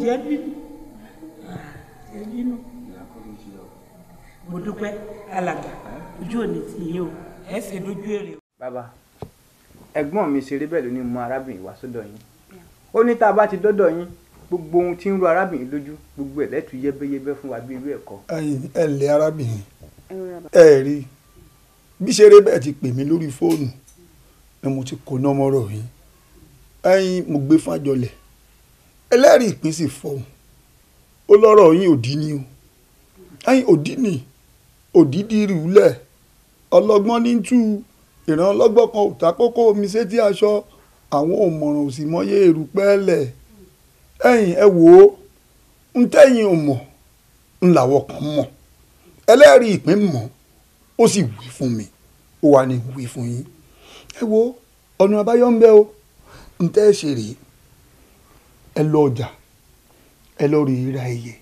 jẹ́ bínú jẹ́ bínú mo dúpẹ́ alàgbà ojú òní ti yín o ẹ ṣe lójú èrè. bàbá ẹ̀gbọ́n mi ṣeré bẹ́ẹ̀ ló ní mú arábìnrin wá sọ́dọ̀ yín ó ní tá a bá ti dọ́dọ̀ yín gbogbo ohun tí ń ro arábìnrin lójú gbogbo ẹ̀ lẹ́tù yẹ́bẹ́yẹ́bẹ́ fún wa bí irú ẹ̀kọ́. ẹ lè arábìnrin ẹ rí bí ṣeré bẹ́ẹ̀ ti pè mí lórí fóònù ni mo ti kó nọ́mọ́rọ̀ yín ẹyin mo gbé fájọlẹ̀ ẹlẹ́rìí ìpín sì fọ̀hún ó lọ́rọ̀ yín òdì ni o ẹyin òdì ni òdìdí rúlẹ̀ ọlọ́gbọ́n ní tú ìran kan ò ta kókó omi aṣọ àwọn òmọ̀ràn ò sì èrú pẹ́ẹ́lẹ̀ ẹ̀yin ẹ wò ó ń tẹ́yìn ò kan mọ̀ ẹlẹ́rìí ìpín mọ ó sì wí fún mi ó wà ní wí fún yín ẹ wo ọ̀nà àbáyọ ń o ń tẹ́ ẹ ṣe rèé ẹ lọ ọjà ẹ lọ rí ra ẹyẹ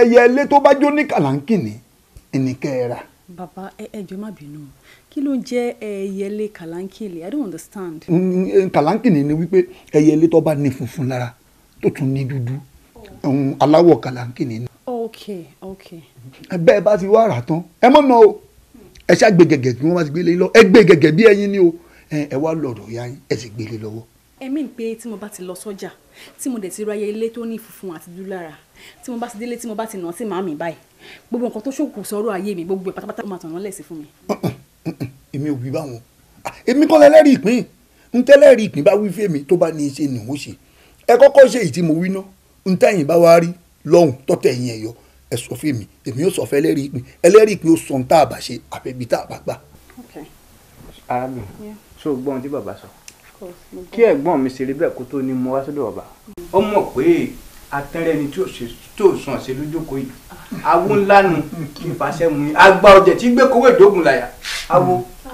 ẹyẹ ilé tó bá jó ní ẹnìkẹ́ bàbá má bínú kí ló ń jẹ i don't understand. ni wípé tó bá ní funfun lára tó tún ní dúdú aláwọ̀ kàláńkì nínú. ok ok. bẹ́ẹ̀ bá ti wá rà tán ẹ mọ̀ náà o ẹ ṣá gbé gẹ̀gẹ̀ tí wọ́n bá ti gbélé lọ ẹ gbé gẹ̀gẹ̀ bí ẹyin ni o ẹ wá lọ̀rọ̀ ya yín ẹ sì gbélé lọ́wọ́. ẹ mí pé tí mo bá ti lọ sọ́jà tí mo dẹ̀ ti ráyè ilé tó ní funfun àti dúdú lára tí mo bá ti délé tí mo bá ti nà sí màmí báyìí gbogbo nǹkan tó ṣòkò sọ̀rọ̀ ayé mi gbogbo ẹ̀ pátápátá ló máa tàn án lẹ̀ sí fún mi. èmi ò ẹ kọ́kọ́ ṣe èyí tí mo wí ná n tẹ̀yìn bá wá rí lọ́hùn tọ́tẹ̀ yín ẹ̀yọ ẹ sọ fún mi èmi yóò sọ fún ẹlẹ́rìí ìpín ẹlẹ́rìí ìpín ó sọ ní tá a bá ṣe àbẹ̀bí tá a bá gbà. arábìnrin ṣó o gbọ́n tí bàbá sọ kí ẹ̀gbọ́n mi ṣe rí bẹ́ẹ̀ kó tó ní mo wá sọ́dọ̀ bàbá ó mọ̀ pé atẹ́rẹ́ ni tí ò sàn ṣe lójókòó yìí awo ńlá nu kí n fàṣẹ mu yín agba ọ̀jẹ̀ tí gbé kówó ìdógún láyà awo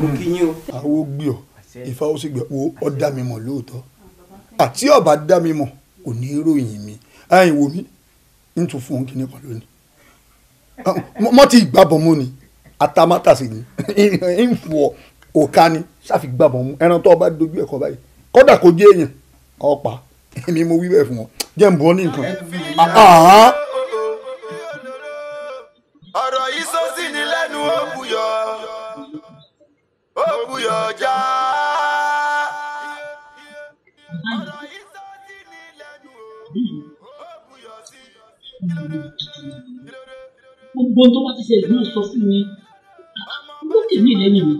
mo kí yín o. awo gbìyànjú ìfawọ́sí gbìyànjú ó dá mi mọ̀ lóòótọ́ àti ah, ọba dá mi mọ̀ kò ní ròyìn mi ẹ̀yìn ah, wò mí n tún fún kí ni kan ah, lónìí mo ti gbàbọ̀ mú ni atamátàsí ni n òka ni ṣáfi gbàbọ̀ mú ẹran tó ọba dojú ẹ̀kọ́ báyìí kódà kò jẹ́ èèyàn ọ̀pá èmi mo wí bẹ́ẹ̀ fún ọ jẹ́ n bọ́ ní nǹkan. ọ̀rọ̀ yìí sọ́sì ni lẹ́nu ó buyọ̀ ó buyọ̀ jáà. gbogbo tó bá ti ṣe ìlú sọ fún mi lókè mí lẹ́yìn mi.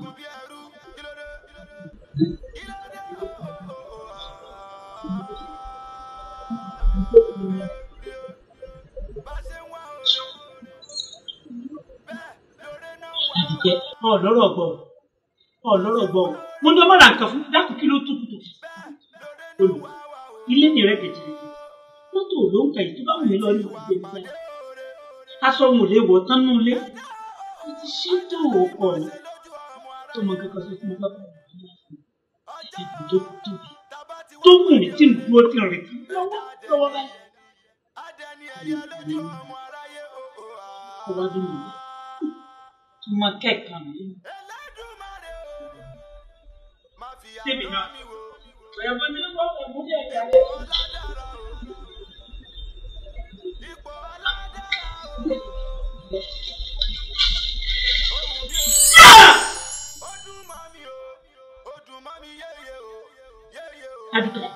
àdìjẹ ọlọ́rọ̀ gbọ́ ọlọ́rọ̀ gbọ́ mo ní ọmọ rà fún dákùn ló tó kùtù olùwà ilé mi rẹ̀ kejì ò ló ń ka yìí bá wùmí lọ ní ìdílé mi aṣọ wọn wọ tán lé mo ti ṣe tó ọkọ rẹ tó mọ kankan sọ fún bàbá mi ní àti ibùdó tóbi tó wù mí tí ń dúró tí ń retí lọ́wọ́ lọ́wọ́ báyìí. Ọba dùn mí tó máa kẹ́kọ̀ọ́ mi lẹ́nu. Débi náà, ọ̀yàgbọ́n mi ló wọ́pọ̀ mú bí ẹ̀ka Àdùkẹ́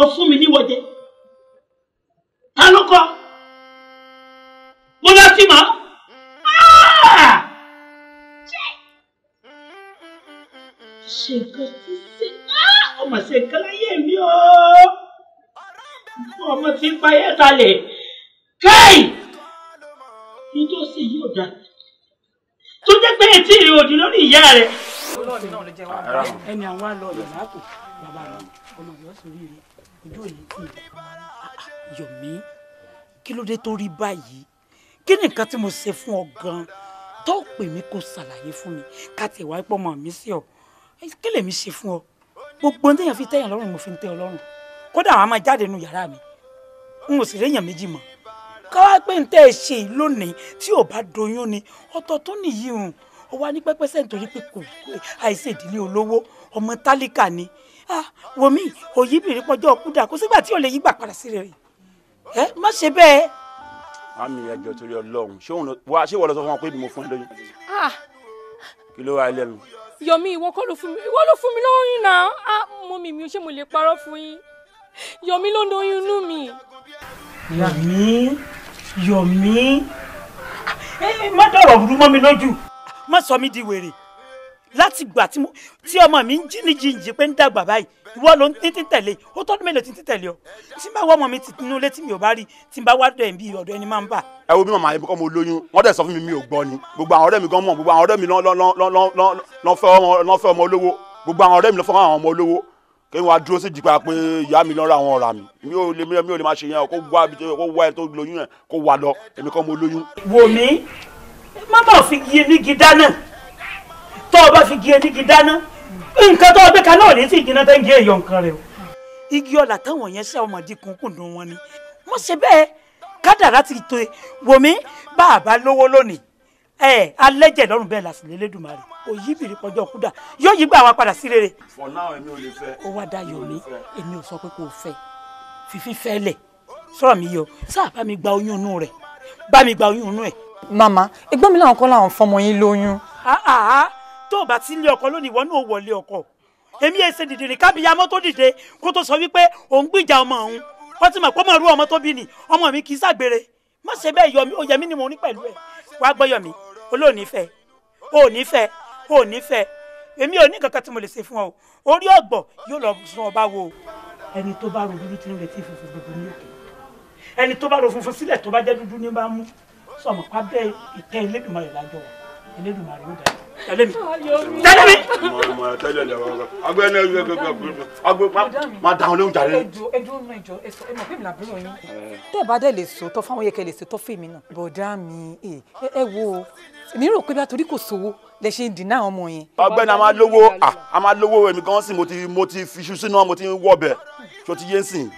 ọ fún mi níwọ̀jẹ́ ta ló kọ́ mo lọ sí màá. Ah! ṣe nǹkan tí ṣe ah! ọmọ ṣe nǹkan láyé mi o ọmọ ti ń payẹ́ talẹ̀. Hey! Ní tó ṣe yóò dá. Tó jẹ́ pé etí rẹ̀ òdì lórí ìyá rẹ̀. Ọlọ́ọ̀dẹ náà ló jẹ́ wá. Ẹni àwọn àlọ́ ọ̀dọ̀ lápò bàbá mi. Ọmọ ìyọ́ sì rí rẹ̀. Ojú òní kì í. Ah, Yọ̀mí, kí ló dé tó rí báyìí? Kí ni nǹkan tí mo ṣe fún ọ gan-an? Tó pè mí kó ṣàlàyé fún mi. Ká tẹ̀ wá pọ̀ mọ́ mi sí ọ. Kí lèmi ṣe fún ọ? Gbogbo ohun téèyàn fi tẹ́yàn lọ́rùn mo fi ń tẹ́ ọ lọ́rùn. Kódà àwọn máa jáde nínú yàrá mi. N ò sì réyàn méjì mọ́ káwá pé n tẹ́ ẹ ṣe yìí lónìí tí ò bá doyún ni ọ̀tọ̀ tó nìyí hùn ó wá ní pẹ́pẹ́sẹ̀ nítorí pé kò àìsè ìdílé olówó ọmọ tálíkà ni wòmí òyìnbìrì pọjọ́ ọ̀kúdà kò sígbà tí ò lè yí gbà padà sí rẹ̀ ẹ má ṣe bẹ́ẹ̀. àmì ẹjọ torí Ọlọ́run ṣé wọn lọ sọ fún wọn pé mo fún ẹ lóyún kí ló wà lẹ́nu. Yọ̀mí ìwọ kọ́ ló fún mi ìwọ ló fún mi lóyún náà á mọ mi mi ò ṣe mo lè parọ́ fún yín Yọ̀mí ló ń doyún inú mi. Yọ̀mí. Yọ̀mí eh, má dọ̀rọ̀ burú mọ́ mi lójú. má sọ mí di wèrè láti gbà tí ọmọ mi ń jí ní jíǹjì pé ń dàgbà báyìí ìwọ ló ń títí tẹ̀lé ó tọ́dún mélòó títí tẹ̀lé ọ tí n bá wọ́ ọmọ mi tinú létí mi ò bá rí tí n bá wá dọ̀ ẹ̀ bí ọ̀dọ̀ ẹni máa ń bà. ẹ wo bí màmá ibi kọ́ mo lóyún wọ́n dẹ̀ sọ fún mi mi ò gbọ́ ni gbogbo àwọn ọ̀rẹ́ mi gan mọ̀ gbogbo àwọn ọ̀rẹ́ mi lọ́n fẹ́ ọmọ olówó gbogbo àwọn ọ̀rẹ́ mi lọ́n fẹ́ ọmọ olówó kí wọn dúró sí jìpá pé ìyá mi lọ́ra àwọn ọ̀rà mi mi ò lè mi ò lè máa ṣe yẹn kó wá ibi tó kó wá ẹ tó lóyún ẹ kó wà lọ èmi kọ́ mo lóyún. wò mí má bàa fi gi enigi dáná tó o bá fi gi enigi dáná nǹkan tó o gbé kaná ò ní sí ìjìnà tó ń gé èèyàn nǹkan rẹ o. igi ọ̀là táwọn yẹn ṣe ọmọdé kunkun dùn wọn ni wọ́n ṣe bẹ́ẹ̀ kádàrá ti tó e wò mí bá a bá lówó lónìí ẹ̀ alẹ́jẹ̀ lọ́rùn bẹ́ẹ̀ làsìlélẹ́dùnmarè òyìnbìrì pọjọ kúdà yóò yí gbà wá padà sí rere. for now èmi ò lè fẹ́. ó wá dayọ̀ mi èmi ò sọ pé kò fẹ́ fífi fẹ́ lẹ̀ sọ̀rọ̀ mi yọ sáà bá mi gba oyún inú rẹ̀ bá mi gba oyún inú ẹ̀. màmá ẹ̀gbọ́n mi làwọn kọ́ làwọn fọmọ yín lóyún. Ah, ah, ah. tó o bá ti lé ọkọ lónìí ìwọ náà wọlé ọkọ èmi ẹ ṣe dìde ní kábíyámọ́ tó dìde kó tó sọ wípé òun gbìjà ọmọ òun wọ́n ti mọ̀ pé ọmọ ru ọmọ tó bí ni ọmọ mi kì í ṣàgbére má ṣe bẹ́ẹ̀ yọmi ó yẹmí ni mo ní pẹ̀lú ẹ̀ wá gbọ́ yọmi olóòní fẹ́ òòní fẹ́ ò nífẹ̀ẹ́ èmi ò ní kankan tí mo lè ṣe fún ọ orí ọ̀gbọ̀ yóò lọ sun ọba wo. ẹni tó bá ro dúdú tí ń retí funfun gbogbo ní òkè ẹni tó bá ro funfun sílẹ̀ tó bá jẹ́ dúdú ní bá mú sọmọ pábẹ́ ìtẹ́ Elédùmarè lájọ wa Elédùmarè ó dájú. tẹ̀lé mi tẹ̀lé mi. tẹ̀lé mi agbẹ́ ní ẹgbẹ́ gbẹ́ gbẹ́ agbẹ́ máa dáhùn lóhùn jàre. ẹjọ ẹjọ náà ẹjọ ẹsọ ẹ mọ fíìmù làbúrò yín. tẹ́ ẹ bá dẹ̀ lè sòótọ́ fáwọn yẹn kẹ́ lè sòótọ́ fèmí náà. bọ̀dá mi ẹ wo èmi rò pé bá torí kò sówó lẹ ṣe ń dìnnà ọmọ yẹn. ọgbẹ́ni a máa lówó a máa lówó èmi gan sí mo ti mo ti fi iṣu sínú mo ti ń wọ̀bẹ̀ tó ti yé ń sìn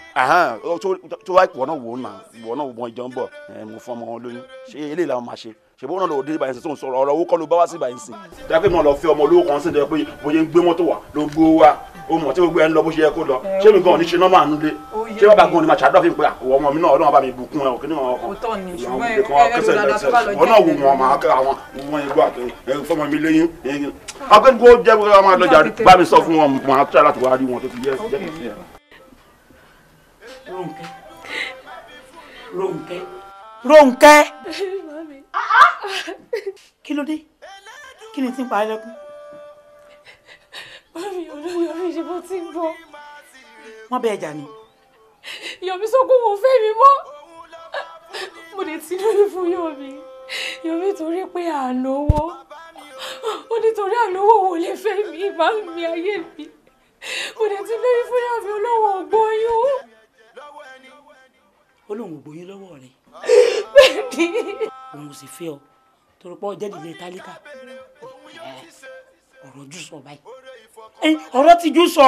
tó wá ìwọ náà wò ó nà ìwọ náà wọ ìjọ ń bọ̀ mo fún ọmọ wọn lóyún ṣé eléyìí làwọn máa ṣe ṣèbó náà lọ dé ibà yẹn sọ sọ̀rọ̀ ọ̀rọ̀ owó kọ́ ló bá wá sí ibà sìn. dápẹ́ mi náà lọ fi ọmọ olówó kan sí ìdẹ́gbẹ́ bóyá ń gbé mọ́tò wà ló gbówó wá o mọ̀ tí gbogbo ẹ ń lọ bó ṣe yẹ kó lọ ṣé mi gan-an ní ṣe nọ́mà nulẹ̀ ṣé bàbá gan ni màá ṣàdọ́ fi pé àwọn ah, ọmọ mi náà ọlọ́run bá mi bùkún ẹ òkè níwọ̀n ọkọ̀ wọn náà wò wọn máa kẹ́ àwọn wọn igbó àtẹ fọmọ mi lẹ́yìn ẹ̀yìn akẹ́kọ̀ọ́ jẹ́ pé wọ́n máa lọ́jà bá mi sọ fún wọn màá tẹ́ láti wá rí wọn tó fi yẹ ẹ. Rónkẹ́ Rónkẹ́ Rónkẹ́ kí ló dé kí ni tí ń parí lẹ́kún orí olórí orí ìdìbò ti ń bọ̀. wọ́n bẹ ẹja ni. yọ̀mí sọ pé òun fẹ́ mi mọ́ mo lè ti lóyún fún yọ̀mí yọ̀mí torí pé à ń lówó ó nítorí àlówó wo lè fẹ́ mi ìbá mi ayé mi mo lè ti lóyún fún yọ̀mí olówó ògbóyún. ó lóun ògbóyún lọ́wọ́ rẹ̀. bẹ́ẹ̀ni. òun sì fẹ́ ọ torí pé ọjọ́ ìdílé tálíkà ọ̀rọ̀ jù sọ báyìí ọ̀rọ̀ tìjú sọ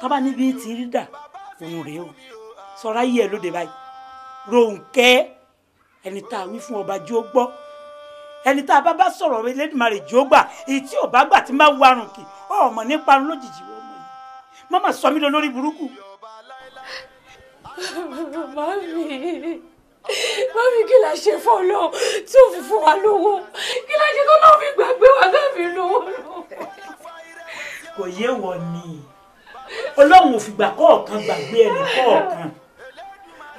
tọ́ba níbi tí rí dà òun rèé o sọ̀rọ̀ ayé ẹ̀ lóde báyìí Rónkẹ́ ẹni tá a wí fún ọba jí ó gbọ́ ẹni tá a bá bá sọ̀rọ̀ Elédùmarè jí ó gbà èyí tí ò bá gbà tí má warùn kì ọmọ nípa arun lójijì wọ́n mọ̀ yìí mọ́mọ́ sọ mí lọ lórí burúkú. mami mami kí la ṣe fún ọlọ́run tí ò fi fún wa lówó kí la ṣe kọ́ lọ́ọ́ fi gbàgbé wa náà lówó lọ́wọ́ kò yé wọ ni ọlọ́run ò fìgbà kọ̀ọ̀kan gbàgbé ẹnì kọ̀ọ̀kan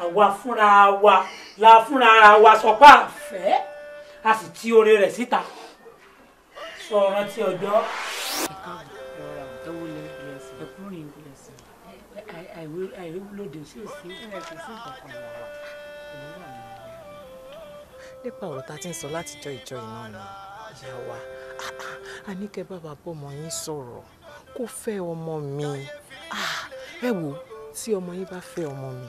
àwa fúnra wa la fúnra wa sọ pé àfẹ́ a sì ti oore rẹ̀ síta sọ ọ̀ràn ọjọ́. nípa ọ̀rọ̀ tá ti ń sọ látijọ́ ìjọ ìnáwó ìyá wa a ní kẹ́ bá bàbá ọmọ yín sọ̀rọ̀ kó fẹ́ ọmọ mi ah, ẹ wò tí ọmọ yín bá fẹ́ ọmọ mi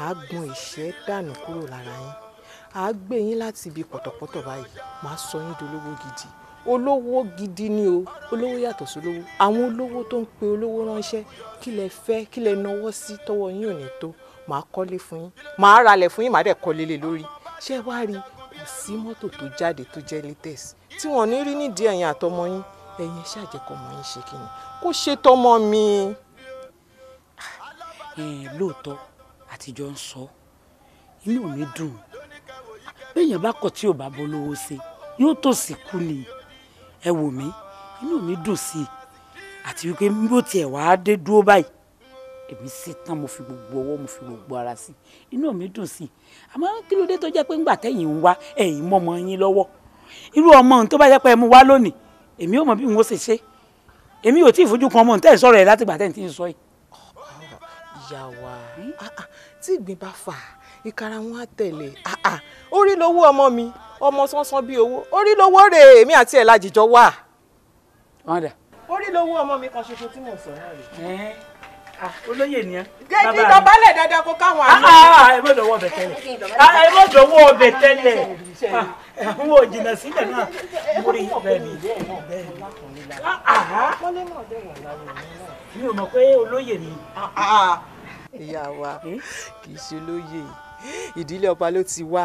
àá gbọn ìṣẹ́ dànù kúrò lára yín àá gbé yín láti ibi pọ̀tọ̀pọ̀tọ̀ báyìí màá sọ yín dolówó gidi olówó gidi ni o olówó yàtọ̀ sólówó àwọn olówó tó ń pe olówó ránṣẹ́ kí lẹ fẹ́ kí lẹ náwó sí tọwọ́ yín ò ní tó màá kọ́lé fún yín màá ralẹ̀ fún yín màá dẹ̀ kọ́lé lé lórí ṣé wàá rí kò sí mọ́tò tó jáde tó jẹ́ latest tí wọ́n ní rí nídìí ẹ̀yìn àtọmọ yín ẹ̀yin ẹ ṣáà jẹ́ kó ọmọ yín ṣe kí ni kó ṣe tọmọ mi. lóòótọ́ àtijọ́ ń sọ inú mi dùn béèyàn bá kọ̀ tí ò bá bolówó ṣe yóò tòsí kú ni ẹ wò mí inú mi dùn sí i àti wípé bó tiẹ̀ wá dé dúró báyìí èmi sì tán mo fi gbogbo ọwọ́ mo fi gbogbo ara sí inú mi dùn sí i àmọ́ kí ló dé tó jẹ́ pé ńgbà tẹ̀yìn ń wá ẹ̀yìn mọ́mọ́ yín lọ́wọ́ irú ọmọ tó bá jẹ́ pé ẹ mú wá lónìí èmi ò mọ bí n ó ṣe ṣe èmi ò tí ì fojú kan mọ tẹ́ ẹ̀ sọ̀rọ̀ ẹ̀ látìgbà tẹ́ ẹ̀ ti ń sọ yìí. ìyá wa ah, ah, tí ìgbín bá fà ìkara wọn á tẹ̀lé ah, orí lówó ọmọ mi ọmọ sánsán bíi owó orí lówó rè èmi àti ẹ̀ lájìjọ wà. orí lówó ọmọ mi kan ṣoṣo tí mò ń sọ náà rè olóyè ni ẹ. gẹ́gí dọ̀bálẹ̀ dáadáa kó káwọn àná. ẹ mọ̀ dọ̀wọ́ ọbẹ̀ tẹ́lẹ̀ ẹ mọ̀ dọ̀wọ́ ọbẹ̀ tẹ́lẹ̀ n ò jìnnà sílẹ̀ náà mo rí bẹ́ẹ̀ ni bẹ́ẹ̀ ni mi ò mọ̀ pé olóyè ni. ìyá wa kì í ṣe olóyè ìdílé ọba ló ti wá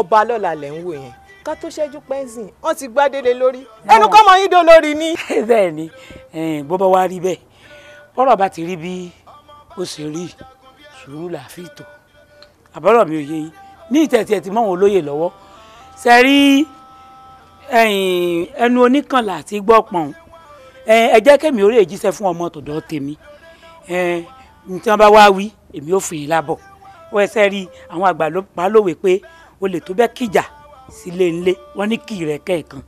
ọba lọ́la lẹ̀ ń wò yẹn ká tó ṣẹ́jú pẹ́ńsìn wọ́n ti gbá délé lórí ẹnu kọ́ mọ yín dó lórí ni. bẹ́ẹ̀ ni bó bá wá rí bẹ́ẹ̀ bọ́rọ̀ bá ti rí bí ó ṣe rí sùúrù làá fi àbọ̀rọ̀ mi ò yé yín ní ìtẹ̀tẹ̀ tí mọ́ wọn olóyè lọ́wọ́ ṣe rí ẹnu oníkànlá àti gbọ́pọ̀n ẹ jẹ́ kémi orí èjíṣẹ́ fún ọmọ tọ̀dọ̀ tèmi tí wọ́n bá wá wí èmi ò fìyín lábọ̀ wọ́n ẹsẹ̀ rí àwọn àgbà bá lòwe pé o lè tó bẹ́ẹ̀ kíjà sílé ńlé wọ́n ní kì í rẹ̀ kẹ́ẹ̀kan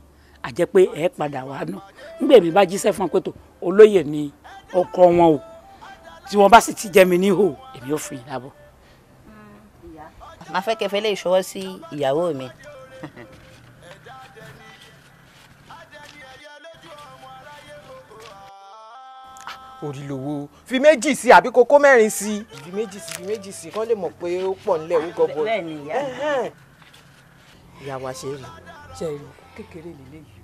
àjẹ́ pé ẹ̀ padà wá nù nígbà èmi bá jíṣẹ́ fún ọ pé tó olóyè ni ọkọ wọn o tí wọ́n bá sì ti jẹ́ mi níhò èmi ò fìyín lábọ̀. màá fẹ́ kẹfẹ́ lè ṣọwọ́ sí ìyàwó mi ẹ̀dá dẹni adẹni ẹ̀yẹ lójú ọmọ aráyé gbogbo wa. orí lowó fi méjì sí àbí kókó mẹ́rin sí fi méjì sí fi méjì sí kán lè mọ̀ pé ó pọ̀ nílẹ̀ ó gọbọ. bẹ́ẹ̀ ni ìyá ìyá wa ṣe é rí ṣe é rí kékeré lélẹ́yìí.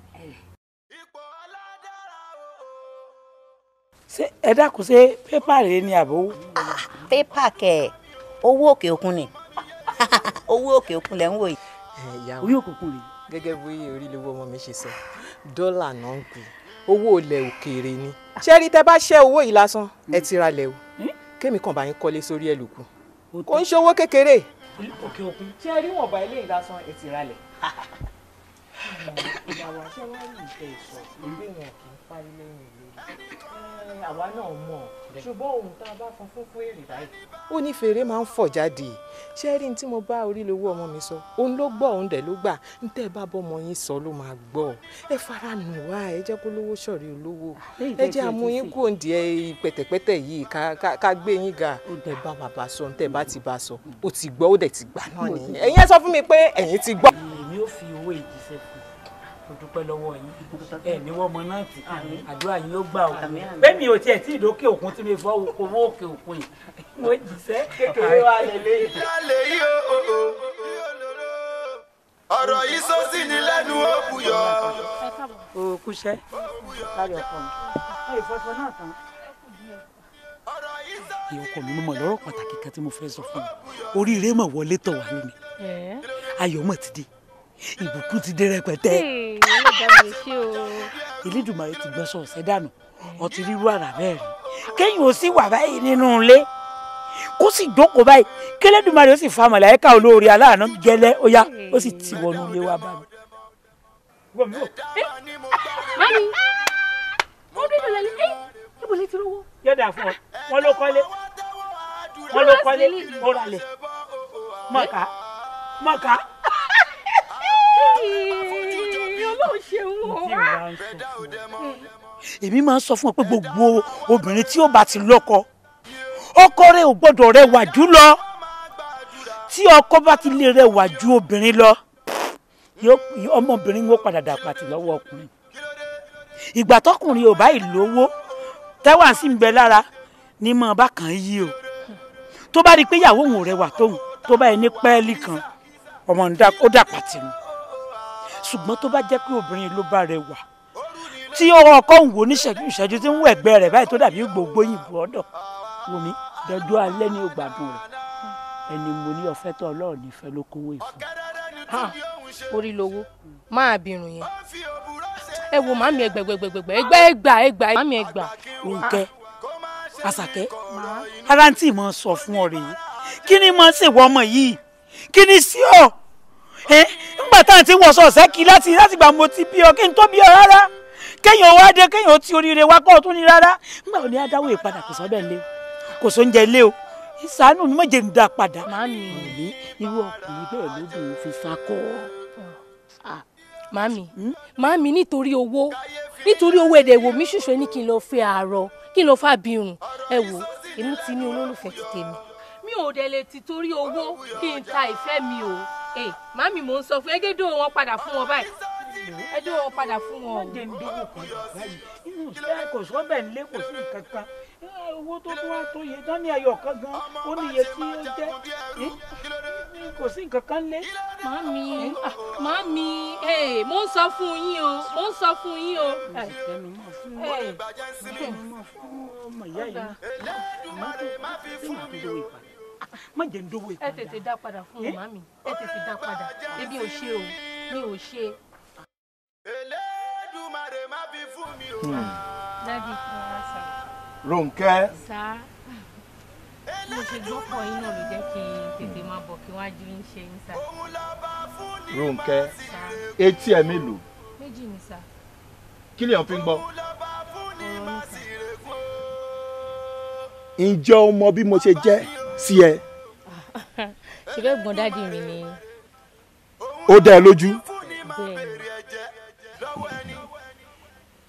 ṣé ẹ dákun ṣe pépà rèé ni àbò. Ah, pépà kẹ owó òkè òkun ni owó òkè òkun lẹ ń wò yìí orí òkùnkùn rèé. gẹ́gẹ́ bí orílẹ̀-èdè ọmọ mi ṣe sọ dọ́là náà ń pè owó ilẹ̀ òkèèrè ni ṣé rí tẹ́ bá ṣẹ́ owó yìí lásán ẹ ti ra lẹ̀ o hmm? kémi kàn bá yín kọ́lé sórí ẹ̀ lùkù kò ń ṣowó kékeré òkè òkun ṣé rí wọ̀nba ilé yìí lásán ẹ ti ra lẹ̀. ìyàwó àṣẹ wọn rí ìfẹ́ ìsọ̀ ìgbéyàwó kì í parí lẹ́yìn ìlú àwa náà mọ̀ ṣùgbọ́n ohun tá a bá fọ fún fèrè báyìí. ó ní fèrè máa ń fọ̀ jáde ṣé rí ní tí mo bá orílẹ̀-èwò ọmọ mi sọ òun ló gbọ́ òun dẹ̀ ló gbà ń tẹ́ bá bọ́mọ yín sọ ló máa gbọ́ ẹ fara nù wá ẹ jẹ́ kó lówó sọ̀rí olówó ẹ jẹ́ àmú kú òǹdí ẹ pẹ̀tẹ̀pẹ̀tẹ̀ yìí ká gbé yín ga ẹ bá bàbá sọ ń tẹ́ bá ti bá sọ ó ti gbọ́ ó dẹ̀ ti gbà náà nìyẹn ẹ̀yin ẹ sọ fún mi pé ẹ̀yin ti gbọ́. èmi ò fi owó ìjíṣẹ́ fún mo dúpẹ́ lọ́wọ́ yín ẹ ní wọ́n mọ náà tì àdúrà yín ló gbà ó pé mi ò tiẹ̀ tí ìdókè òkun tí mi fọ́ owó òkè òkun yìí mo jìṣẹ́ kékeré wa lélẹ̀. ìyáálé yìí ó ọ̀rọ̀ yìí sọ́sì ní lẹ́nu ó buyọ̀. o kúṣẹ́ kárí ọkọ mi ẹ ìfọṣọ náà tán. ìyá ọkọ mi mọ̀ lọ́rọ̀ pàtàkì kan tí mo fẹ́ sọ fún mi oríire mọ̀ wọlé tọ̀ wá lónìí ayọ̀ mọ̀ ti dé ìbùkún ti dé rẹpẹtẹ. Elédùmarè ti gbọ́ sọ̀rọ̀ sẹ́dánù ọtí rírú àrà bẹ́ẹ̀ rí kéyìn ó sì wà báyìí nínú ilé kó sì jókòó báyìí k'Ẹlẹ́dùmarè ó sì fa àmàlà ẹ̀ka olóore aláàánú gẹ́lẹ́ ó yá ó sì ti wọnú ilé wa bá mi. Eh, mami ó bí ìdọ̀lẹ́ eh, ní ibo lè ti rówó. yọ̀dà fún ọ wọn ló kọ́lé wọn ló kọ́lé ó ralẹ̀ mọ̀ká mọ̀ká. ṣe ń wọ wá. èmi máa ń sọ fún ọ pé gbogbo obìnrin tí ó bá ti lọ́kọ ọkọ rẹ̀ ò gbọ́dọ̀ rẹwà jù lọ tí ọkọ bá ti lè rẹwà ju obìnrin lọ ọmọbìnrin wọn padà dàpàtì lọ́wọ́ ọkùnrin ìgbà tọkùnrin ò báyìí lówó tẹwà sí ń bẹ lára ní mọ bá kàn yí o tó bá rí i pé ìyàwó òun rẹwà tóun tó bá yẹ ní pẹ́ẹ́lí kan ọmọ ó dàpàtì mu ṣùgbọ́n tó bá jẹ́ pé obìnrin ló bá rẹwà tí ọkọ ń wò níṣẹ́jú ìṣẹ́jú tí ń wọ ẹ̀gbẹ́ rẹ̀ báyìí tó dàbí gbogbo yìnbọn ọ̀dọ̀ omi dẹdú alẹ́ ní ògbàdùn rẹ̀ ẹni mo ní ọ̀fẹ́ tó ọlọ́run nífẹ̀ẹ́ ló kówó ìfún. orí lowó máa bìrùn yẹn ẹ wo màmí ẹgbẹgbẹgbẹgbẹ ẹgbẹ ẹgbà ẹgbà màmí ẹgbà. Rónkẹ́ Àṣàkẹ́ ara ń sọ fún ọ rèé kí ni mo ṣèwọ ọmọ yìí kí ni sí ọ nígbà tá à ti wọ̀sọ̀ sẹ́kì láti láti gbà mo ti bí ọ kí n tó bí ọ rárá kéèyàn wá dé kéèyàn ti oríire wá kọ́ ọ tún rárá nígbà òní adáwọ̀ ìpadà kò sọ́bẹ̀ lé o kò sóúnjẹ lé o ìsàánú mi méje ń da padà. màámi ìlú irú ọkùnrin bẹ́ẹ̀ ló dùn fi sakọ. Ah, màámi hmm? màámi nítorí owó nítorí owó èdè ìwò mi ṣùṣọ́ ní kí n lọ fẹ́ àárọ̀ kí n lọ fà bí irun ẹ wò èmi ti ní olólùfẹ́ ti tèmi mi ò dẹ̀ lè ti torí owó kí n ta ìfẹ́ mi o ẹ màmí mò ń sọ fún ẹgẹ́dọ̀ wọn padà fún wọn báyìí ẹjọ́ wọn padà fún wọn. wọ́n jẹ́ ìdánwò kan báyìí inú bẹ́ẹ̀ kò sọ bẹ́ẹ̀ nílé kò sí nǹkan kan owó tó tó wá tó yẹ dání ayọ̀ kan gan ó níye tí ó jẹ́ kò sí nǹkan kan lé. màmí ah, màmí mò ń sọ fún yín o mò ń sọ fún yín o. ọmọ ìyá yìí má tó tí màá fi ìpàdé má jẹ́ ń ìpadà. ẹ tètè dá padà fún mi màmí ẹ tètè dá padà ebi ò ṣe o mi ò ṣe. Elédùmarè má fi fún mi o. Hmm. dábì Rónkẹ́. sá mo ṣe gbọ́kọ̀ yín náà ló jẹ́ kí n tètè máa bọ̀ kí wọ́n á jírí ń ṣe ń sá. Rónkẹ́ etí ẹ mélòó. méjì ni sá. kí lèèyàn fi ń gbọ́. ǹjẹ́ o mọ bí mo ṣe jẹ́ sí ẹ. ṣe fẹ́ gbọ́n dáàdi mi ni. ó dá ẹ lójú.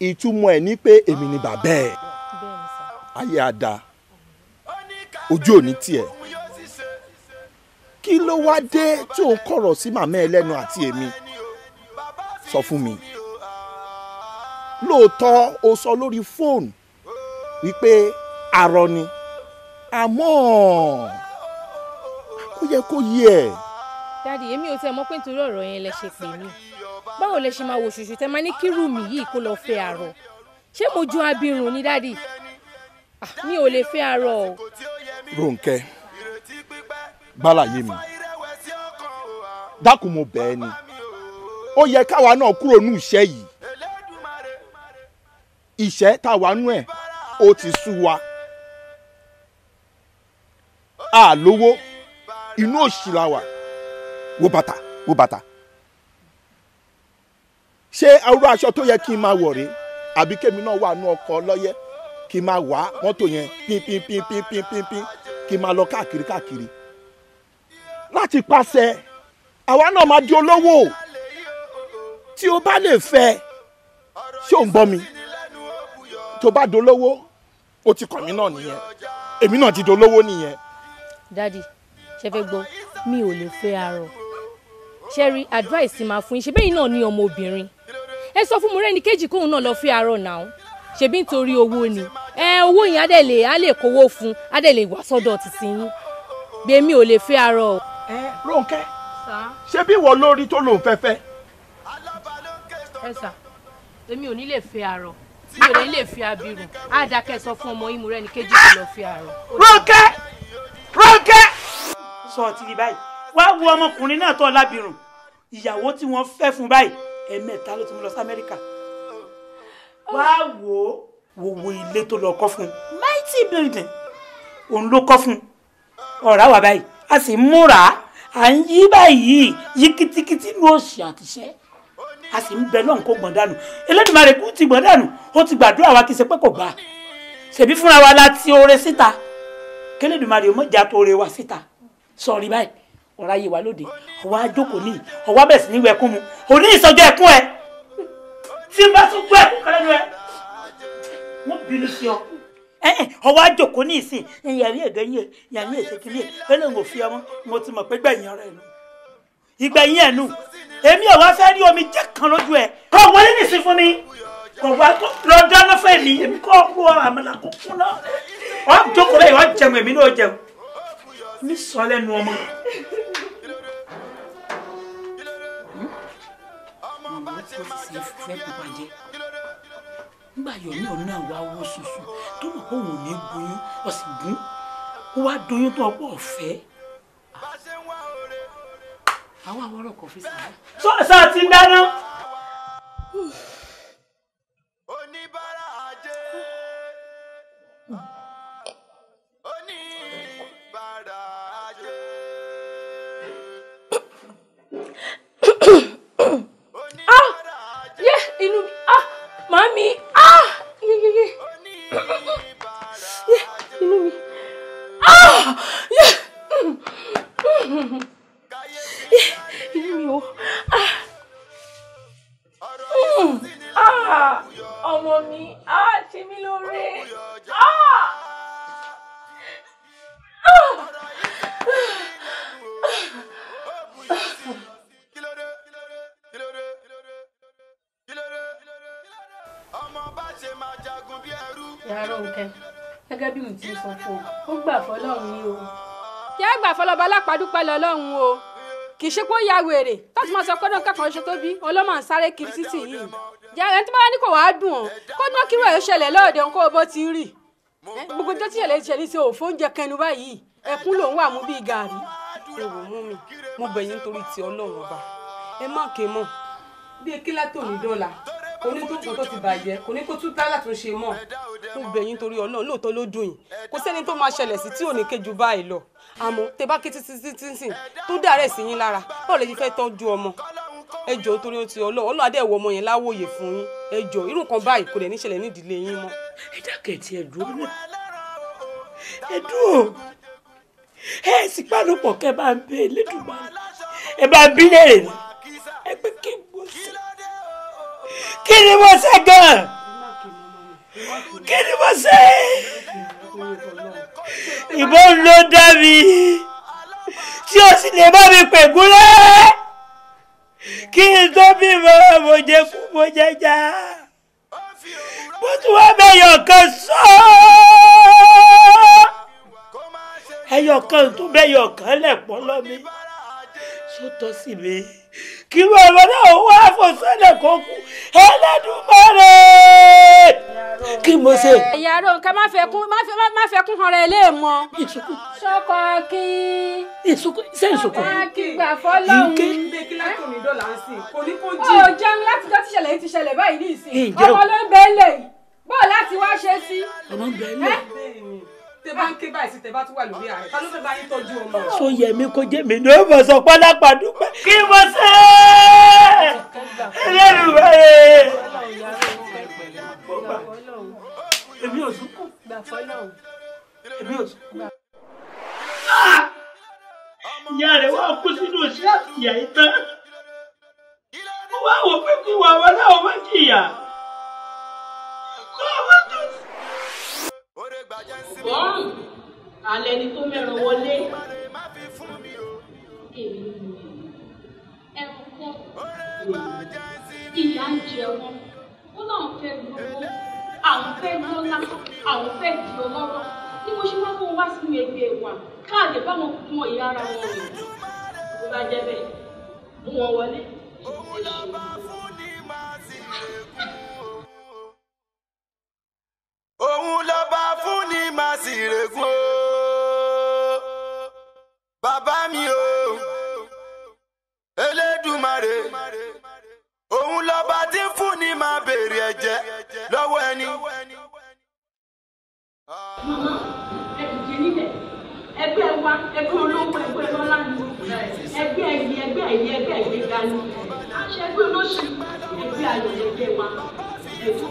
ìtumọ̀ ẹ̀ ní pé èmi ni bàbá ẹ̀ ayé àdá ojú òní tiẹ̀ kí ló wá dé tí ò ń kọ̀rọ̀ sí màmá ẹ lẹ́nu àti èmi sọ fún mi lóòótọ́ o sọ lórí fóònù wípé arọ ni. àmọ́ ó yẹ kó yẹ. dadi èmi ò tiẹ̀ mọ̀ pé nítorí ọ̀rọ̀ yẹn lẹ ṣe pè mí báwo lẹ ṣe máa wò ṣùṣù tẹ máa ní mi yìí kó lọ fẹ́ àrọ ṣé mo ju abirùn ni dadi mi ò lè fẹ́ àrọ o. Ronke, gbalaye mi dákun mo bẹ̀ ẹ́ ni ó yẹ káwa náà kúrò ní ìṣẹ́ yìí ìṣẹ́ táwa nú ẹ̀ ó ti sú wa. a lówó inú òṣì la wà wo bàtà wo bàtà ṣé arúgbó aṣọ tó yẹ kí n máa wọ̀ rí àbí kémi náà wà nú ọkọ̀ lọ́yẹ́ kí n máa wá mọ́tò yẹn pínpínpínpínpínpín kí n máa lọ káàkiri káàkiri láti pàṣẹ àwa náà máa di olówó tí o bá lè fẹ́ ṣé ò ń gbọ́ mi tó bá dolówó o ti kàn mí náà nìyẹn èmi náà ti dolówó nìyẹn dádì ṣe fẹ́ gbọ́ mi ò lè fẹ́ arọ ṣe rí advice máa fún yín ṣe bẹ́yìn náà ní ọmọ obìnrin ẹ sọ fún Mọ́rẹ́ni kejì kóun náà lọ fẹ́ arọ náà ṣebí nítorí owó ni ẹ owó yẹn adẹ lè á lè kówó fún adẹ lè wá sọ́dọ̀ títí yín gbèmí ò lè fẹ́ arọ. ẹ Rónkẹ́ ṣé bí wọ́n lórí tó lòun fẹ́ fẹ́. ẹ sà èmi ò ní lè fẹ́ arọ mi ò ní lè fi abirùn á dákẹ́ sọ fún ọmọ yín Mọ́rẹ́ni kejì kó lọ fẹ́ arọ. Rónkẹ́ sọ ti rí báyìí wá wo ọmọkùnrin náà tó lábìrùn ìyàwó tí wọ́n fẹ́ fún báyìí ẹ̀mẹ́ta ló ti mú lọ sí amẹ́ríkà wá wo wòwò ilé tó lọ kọ́ fún mighty building òun ló kọ́ fún un ọ̀rá wà báyìí a sì ń múra à ń yí báyìí yí kitikiti ní òsì àtìṣẹ́ a sì ń bẹ lọ́hùn kó gbọ̀n dànù Elédùmarè kú ti gbọ̀n dànù ó ti gbàdúrà wa kì í ṣe pé kò gbà ṣèbí fúnra wa la oore síta k'Elédùmarè ó mọ̀ oore wa síta sọ̀rí báyìí ọ̀rọ̀ ayé wa lóde ọwọ́ ajókòó ní ọwọ́ abẹ́sì ní ìwẹ̀kún mu òní ìsọjọ́ ẹ̀kún ẹ tí n bá tún gbọ́ ẹ̀kún kan lẹ́nu ẹ wọ́n bínú sí ọ. ọwọ́ ajókòó ní ìsìn yàrá èdè yìí yàrá èdè kìíní ẹ lè wò fi ọmọ mo ti mọ̀ pé gbẹ̀yìn ọ̀rẹ́ nu ìgbẹ̀yìn ẹ̀ nu èmi ọ̀wá fẹ́ rí omi jẹ́ kan lójú ẹ kọ́ wọlé nìsín fún mi kọ̀wá lọ dáná fẹ́ mi èmi kọ́ wọ àmàlà kúkú náà wọ́n á jókòó lẹ́yìn wọ́n á jẹun èmi náà jẹun mi sọ lẹ́nu ọmọ. nígbà yọ̀mí ọ̀nà wa wọ́ sunsun tó mọ̀ pé òun ò ní gboyún ọ̀sìn gún ó wá doyún tó ọ̀pọ̀ ọ̀fẹ́ àwọn àwọn ọ̀rọ̀ fi sàárẹ̀. sọ sáà dáná. inú mi ah màámi ah yeyeye yẹ inú mi ah yẹ inú mi o ah hmm. ah, ọmọ mi ah ṣe mí lóore ah. ah. yàrá òǹkẹ́ gẹ́gẹ́ bí mo ti sọ fún ọ gbà fọlọ́run ni o. kí á gbà fọlọ́ba alápàdúpẹ́ lọ́lọ́run o kì í ṣe pé ó ya wèrè tọ́tù máa sọ pé náà kẹ́kọ̀ọ́ ṣe tó bí ọlọ́mọ ń sáré kiri títì yìí jẹ́ ẹni tí bá ní kò wá dùn ọ́ kó dán kí wọ́n ṣẹlẹ̀ lọ́ọ̀dẹ̀ ńkọ́ bó ti rì gbogbo tó tiẹ̀ lè ṣe ní ṣe òfò oúnjẹ kẹnu báyìí ẹkún lòún wà mú bíi gàrí. ẹ mú mi mo bẹ̀ yín ti ọlọ́run ọba ẹ má ké bí ekí látòmí dọ́là kò ní tún kò tó ti bàjẹ́ kò ní kó tún táyà tó ṣe mọ́ mo bẹ̀ yín torí ọlọ́run lóòótọ́ ló dùn yín kò sẹ́ni tó máa ṣẹlẹ̀ sí tí ò ní kéjú báyìí lọ àmọ́ tẹ bá títí títí tó dàrẹ́ sí yín lára báwo lè ṣe fẹ́ tọ́jú ọmọ ẹ jọ̀ọ́ torí ó ti ọlọ́run ọlọ́run adé ìwọ ọmọ yẹn láwòye fún yín ẹ jọ̀ọ́ irú nǹkan báyìí kò dẹ̀ ní ṣẹlẹ̀ nídìílé yín mọ́. ẹ dákẹ́ tí kí ni mo ṣe gan kí ni mo ṣe ìbọn ló o cinema lè bá mi pègúnlẹ̀ kí n tó bímọ mo jẹ kú mo jẹ já mo tún wá bẹyọ kan sọ tó tọ́ sí mi kí wọ́n ọmọ náà wá àfọ̀sọ́nà kan kú Ẹlẹ́dùmarè kí mo ṣe. ẹ̀yà ro nǹkan má fẹ́ kún má fẹ́ kún ọ̀rọ̀ ilé mọ́. ìsukù. sọkọ kí. ìsukù ṣé ìsukù. sọkọ kí gbà fọlọ́hún. ike ilé kí mi dọ́là ń sìn kò ní kó jí. ó jẹun láti tó ti yìí ti báyìí ní ìsìn. ọmọ ló ń bẹ́ẹ̀ lè bọ́ọ̀ láti wá ṣe sí. ọmọ ń bẹ́ẹ̀ lè tẹ bá ń ké báyìí sí tẹ bá tún wà lórí ààrẹ ta ló fẹ́ bá yín tọ́jú ọmọ. sọ yẹ mi kó jẹ mi ní ó mọ sọ pálápàá dúpẹ́ kí mo ṣe é lẹ́nu báyìí. èmi ìyá rẹ̀ wá kú sínú òṣìṣẹ́ àtìyà yìí tán wọ́n wá pé kí wàá wọlé àwọn máa jìyà kọ́ ọ bọ́ọ̀rùn alẹ́ ni tó mẹ́ràn wọlé èmi ni mo ẹ kọ́ ìyá ń jẹ wọn ó náà fẹ́ gbowó àwọn fẹ́ lọ́lá àwọn fẹ́ di ọlọ́rọ̀ ni mo ṣe máa kó wá sínú ẹgbẹ́ wa káàdì báwọn kú mọ ìyá ara wọn rè ló bá jẹ bẹ́ẹ̀ mú wọn wọlé. owó lọ́ba fún ni màá sì lè kú òun lọ́ba fún ni màá sì règùn o bàbá mi o Elédùmarè òun lọ́ba tí fún ni màá béèrè ẹ̀jẹ̀ lọ́wọ́ ẹni. mama ẹ dìde níbẹ̀ ẹgbẹ́ wa ẹgbẹ́ olówó ẹgbẹ́ lọ́lá ni ẹgbẹ́ ẹ̀yẹ ẹgbẹ́ ẹ̀yẹ ẹgbẹ́ ẹ̀yẹ ga ni ṣẹgbẹ́ olóṣèlú ẹgbẹ́ ayọ̀ wa ẹ̀fọ́.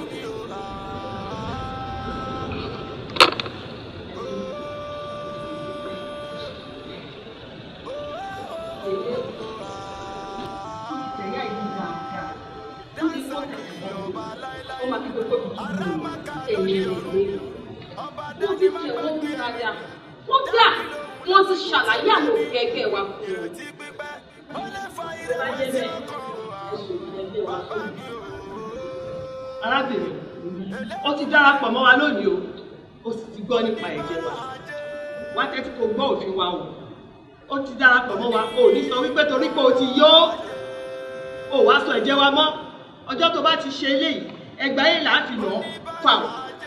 ó ti darapọ̀ mọ́ wa lónìí o ó sì ti gbọ́ nípa ẹ̀jẹ̀ wa wá tẹ́tí kó gbọ́ òfin wa o ó ti darapọ̀ mọ́ wa o ní sọ wípé torí pé o ti yó o wá sọ ẹ̀jẹ̀ wa mọ́ ọjọ́ tó bá ti ṣe eléyìí ẹgbàá yẹn là á fi nà fàù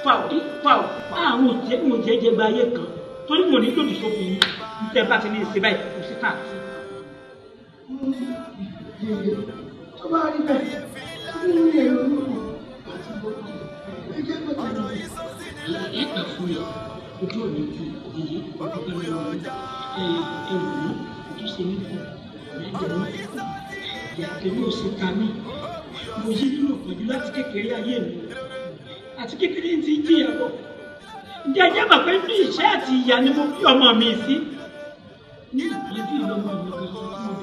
fàù fàù. àwọn òjèjì òjèjì gba ayé kan torí mo ní lòdì sófin yìí tẹ bá ti ní ìṣe báyìí kò sí káàkiri. tó bá rí bẹ́ẹ̀ kí ni èrò yóò wọ̀ àti bọ́ọ̀lù ìgbà fúyọ ojú òní ju òyìnbí ọgbẹrẹ wọn ẹrù mọ ojúṣe mi kọ ẹjọ mi èmi ò sì ta mí mo yí nínú ìpọ́njú láti kékeré ayé mi àti kékeré ti jìyà bọ ǹjẹ́ ẹjẹ́ bà pé bí ìṣẹ́ àti ìyà ni mo fi ọmọ mi sí ní ìpọ́njú ìlọmọ mi kan sọ fún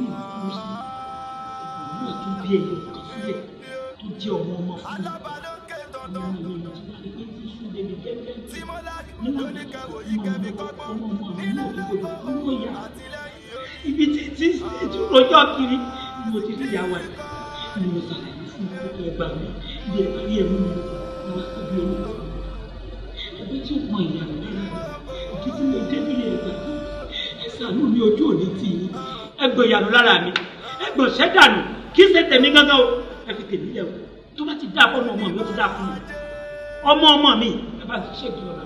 ọdún ìfúnṣe ìgbà náà tó bí èyí ò kà sílẹ̀ tó jẹ́ ọmọ ọmọ fún mi tí mo láti lóní kẹwò yìí kẹfì kọ́gbọ́n nílé lọ́kọ̀ òun àtìlẹ́yìn orí. ibi tí tí tí rojọ́ kiri ni mo ti rí ìyàwó ẹ̀ ni mo ṣàlàyé fún mi pé ẹgbà mi bí ẹgbà rí ẹ̀mú mi ni wọ́n tóbi ẹ̀mú mi. ẹgbẹ́ tí ó pọn ìyàwó lára mi kí tí mo débìlì ẹgbà mi ẹ̀sánú mi ojú òní tì yín ẹgbẹ́ ìyàwó lára mi ẹgbọ̀nsẹ̀ dànù kí ṣe tèmi gángan o ẹ fi tèmi lẹ́wọ̀ tó bá ti dá fọ́nà ọmọ mi ó ti dá fún mi ọmọ ọmọ mi ẹ bá ti ṣẹ́gi ọ̀la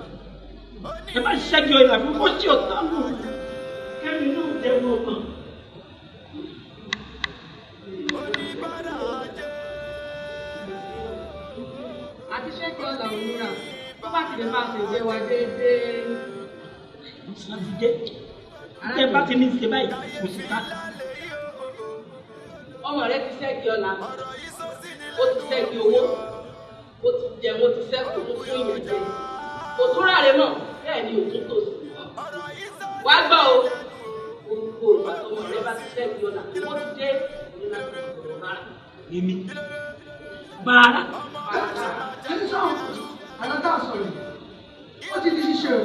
ẹ bá ti ṣẹ́gi ọ̀la fún kó sì ọ̀tá nù kẹ́mi náà jẹ́ wọn mọ̀. àti ṣẹ́gi ọ̀la òmùra tó bá ti lè máa ṣèjẹ́ wa déédéé. ìṣáájú bá ti ní ìṣe báyìí kò sí ká. ọmọ rẹ ti ṣẹ́gi ọ̀la ó ti sẹ́gi owó ó ti jẹ ó ti sẹ́kù ó fún ìyẹn kò tún rà rẹ mọ̀ bẹ́ẹ̀ ni òtún tò sí wàá gbọ́ o gbogbo ìgbàsọmọ rẹ bá ti sẹ́gi ọ̀nà ó ti dé ìrìnà bàrà. èmi bàrà. ẹni sọ àná tá a sọ yìí ó ti di ṣíṣe o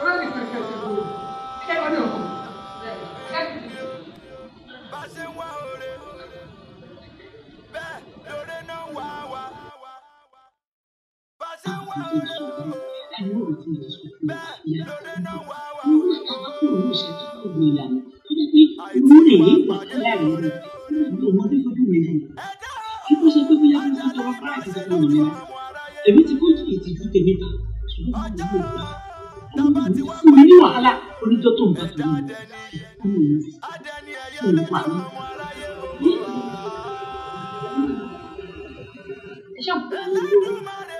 ọlọ́ọ̀nì kẹ̀kẹ́ ti bò ó ọ̀nà. ìlànà tó jẹ́ pé ìlú rè é rẹ̀ ìlú wọn ní ọdún rẹ̀ yìí. kí ló ṣe pé bí yàrá ti tọrọ fáàtì ti tọrọ mi èmi ti kó ìtìjú tèmi ta ṣùgbọ́n mi wàhálà oníjọ́ tó ń bá tó ń bá tó ń bá tó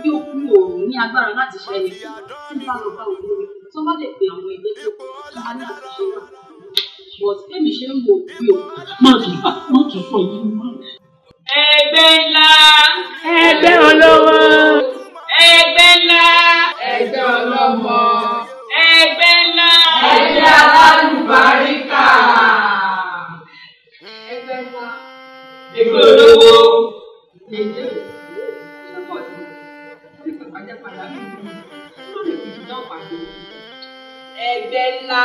bí o kú o ní agbára láti ṣe ẹni tí bá lọ bá òun lórí tó bá lè pe àwọn ẹgbẹ́ tó bá ní àtúnṣe náà but èmi ṣe ń wo bí o má tún fà má tún fọ yìí mọ́. ẹgbẹ́ ńlá. ẹgbẹ́ olówó. ẹgbẹ́ ńlá. ẹgbẹ́ olówó. ẹgbẹ́ ńlá. ẹgbẹ́ alálùbáríkà. ẹgbẹ́ ńlá. ẹgbẹ́ olówó. ẹgbẹ́ ńlá.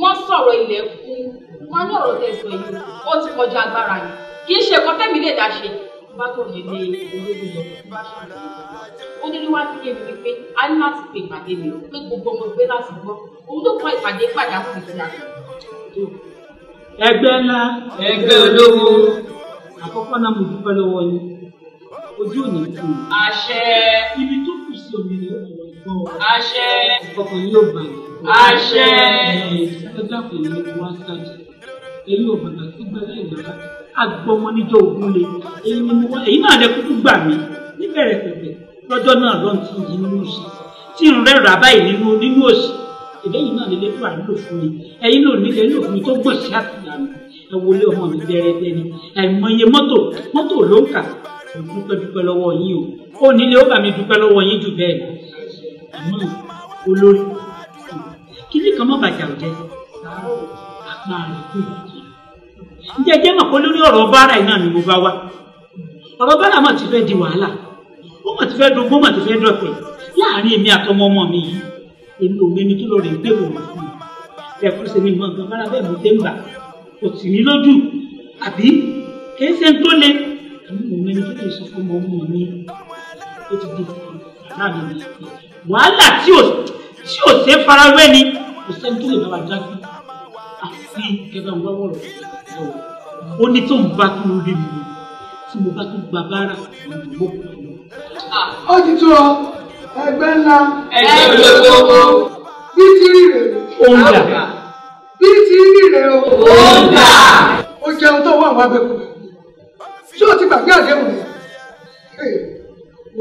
wọ́n sọ̀rọ̀ ilẹ̀ fún wọn ní ọ̀rọ̀ tẹ̀sán yìí ó ti kọjá agbára yìí kì í ṣe nǹkan lè dá ṣe bá tó lè lé ológun lọ ó ní wá sí yé mi a ní láti pe ìpàdé mi pé gbogbo ọmọ ìgbé láti gbọ́ òun ló kọ́ ìpàdé padà sí ti àná. ẹgbẹ́ ńlá ẹgbẹ́ olówó àkọ́kọ́ náà mo dúpẹ́ lọ́wọ́ yín ojú ò ní kú. àṣẹ. ibi tó kù sí omi ni ó kọ̀ gbọ́. àṣẹ. ìkọkàn yóò bàjẹ́ àṣẹ. ẹ ò bàtà tó gbẹlẹ ìgbàlá agbọmọ níjọ ògún le èyí náà lè kúkú gbà mí níbẹ̀rẹ̀ pẹ̀pẹ̀ lọ́jọ́ náà lọ́n ti yí nínú òsì tí ń rẹ́ rà báyìí nínú nínú òsì ìbẹ́yìn náà lè lẹ́kọ̀ọ́ àdúgbò fún mi ẹ̀yin ló ní ẹ̀yin tó gbọ̀n sí àtìyá mi ẹ wọlé ọmọ mi dẹrẹdẹ ni àìmọye mọ́tò mọ́tò ló ń kà mo dúpẹ́ dúpẹ́ lọ́wọ́ yín o kan mọ́ bàjá òjẹ́ àpá rẹ̀ kù. ǹjẹ́ jẹ́ mọ̀ pé lórí ọ̀rọ̀ bára iná ni mo bá wá ọ̀rọ̀ bára mà ti fẹ́ di wàhálà ó mà ti fẹ́ dogbó mà ti fẹ́ dọ̀tẹ̀ láàrin èmi àtọmọ ọmọ mi yìí èmi ò mẹni tó lọ rè gbé wò fún mi ẹ̀kún sèmi mọ̀ nǹkan bára bẹ́ẹ̀ mo dé ń bà kò sì ní lójú àbí kì í ṣe ń tó le èmi ò mẹni tó lè sọ fún ọmọ ọmọ mi ó ti di wàhálà mi wàhálà tí ò ṣe farawé ni kò tó lè bá wa àfi kẹfẹ́ ń wá wọ̀rọ̀ ó ní tó ń bá tó rí mi tí mo bá tó gba bára mo kù. ó ti tó ọ ẹgbẹ́ ńlá ẹgbẹ́ gbogbo bí ti rí rè ó ń dà bí ti rí rè ó ń dà ó jẹun tó wà wá kù ṣé o ti gbàgbé àdéhùn rẹ̀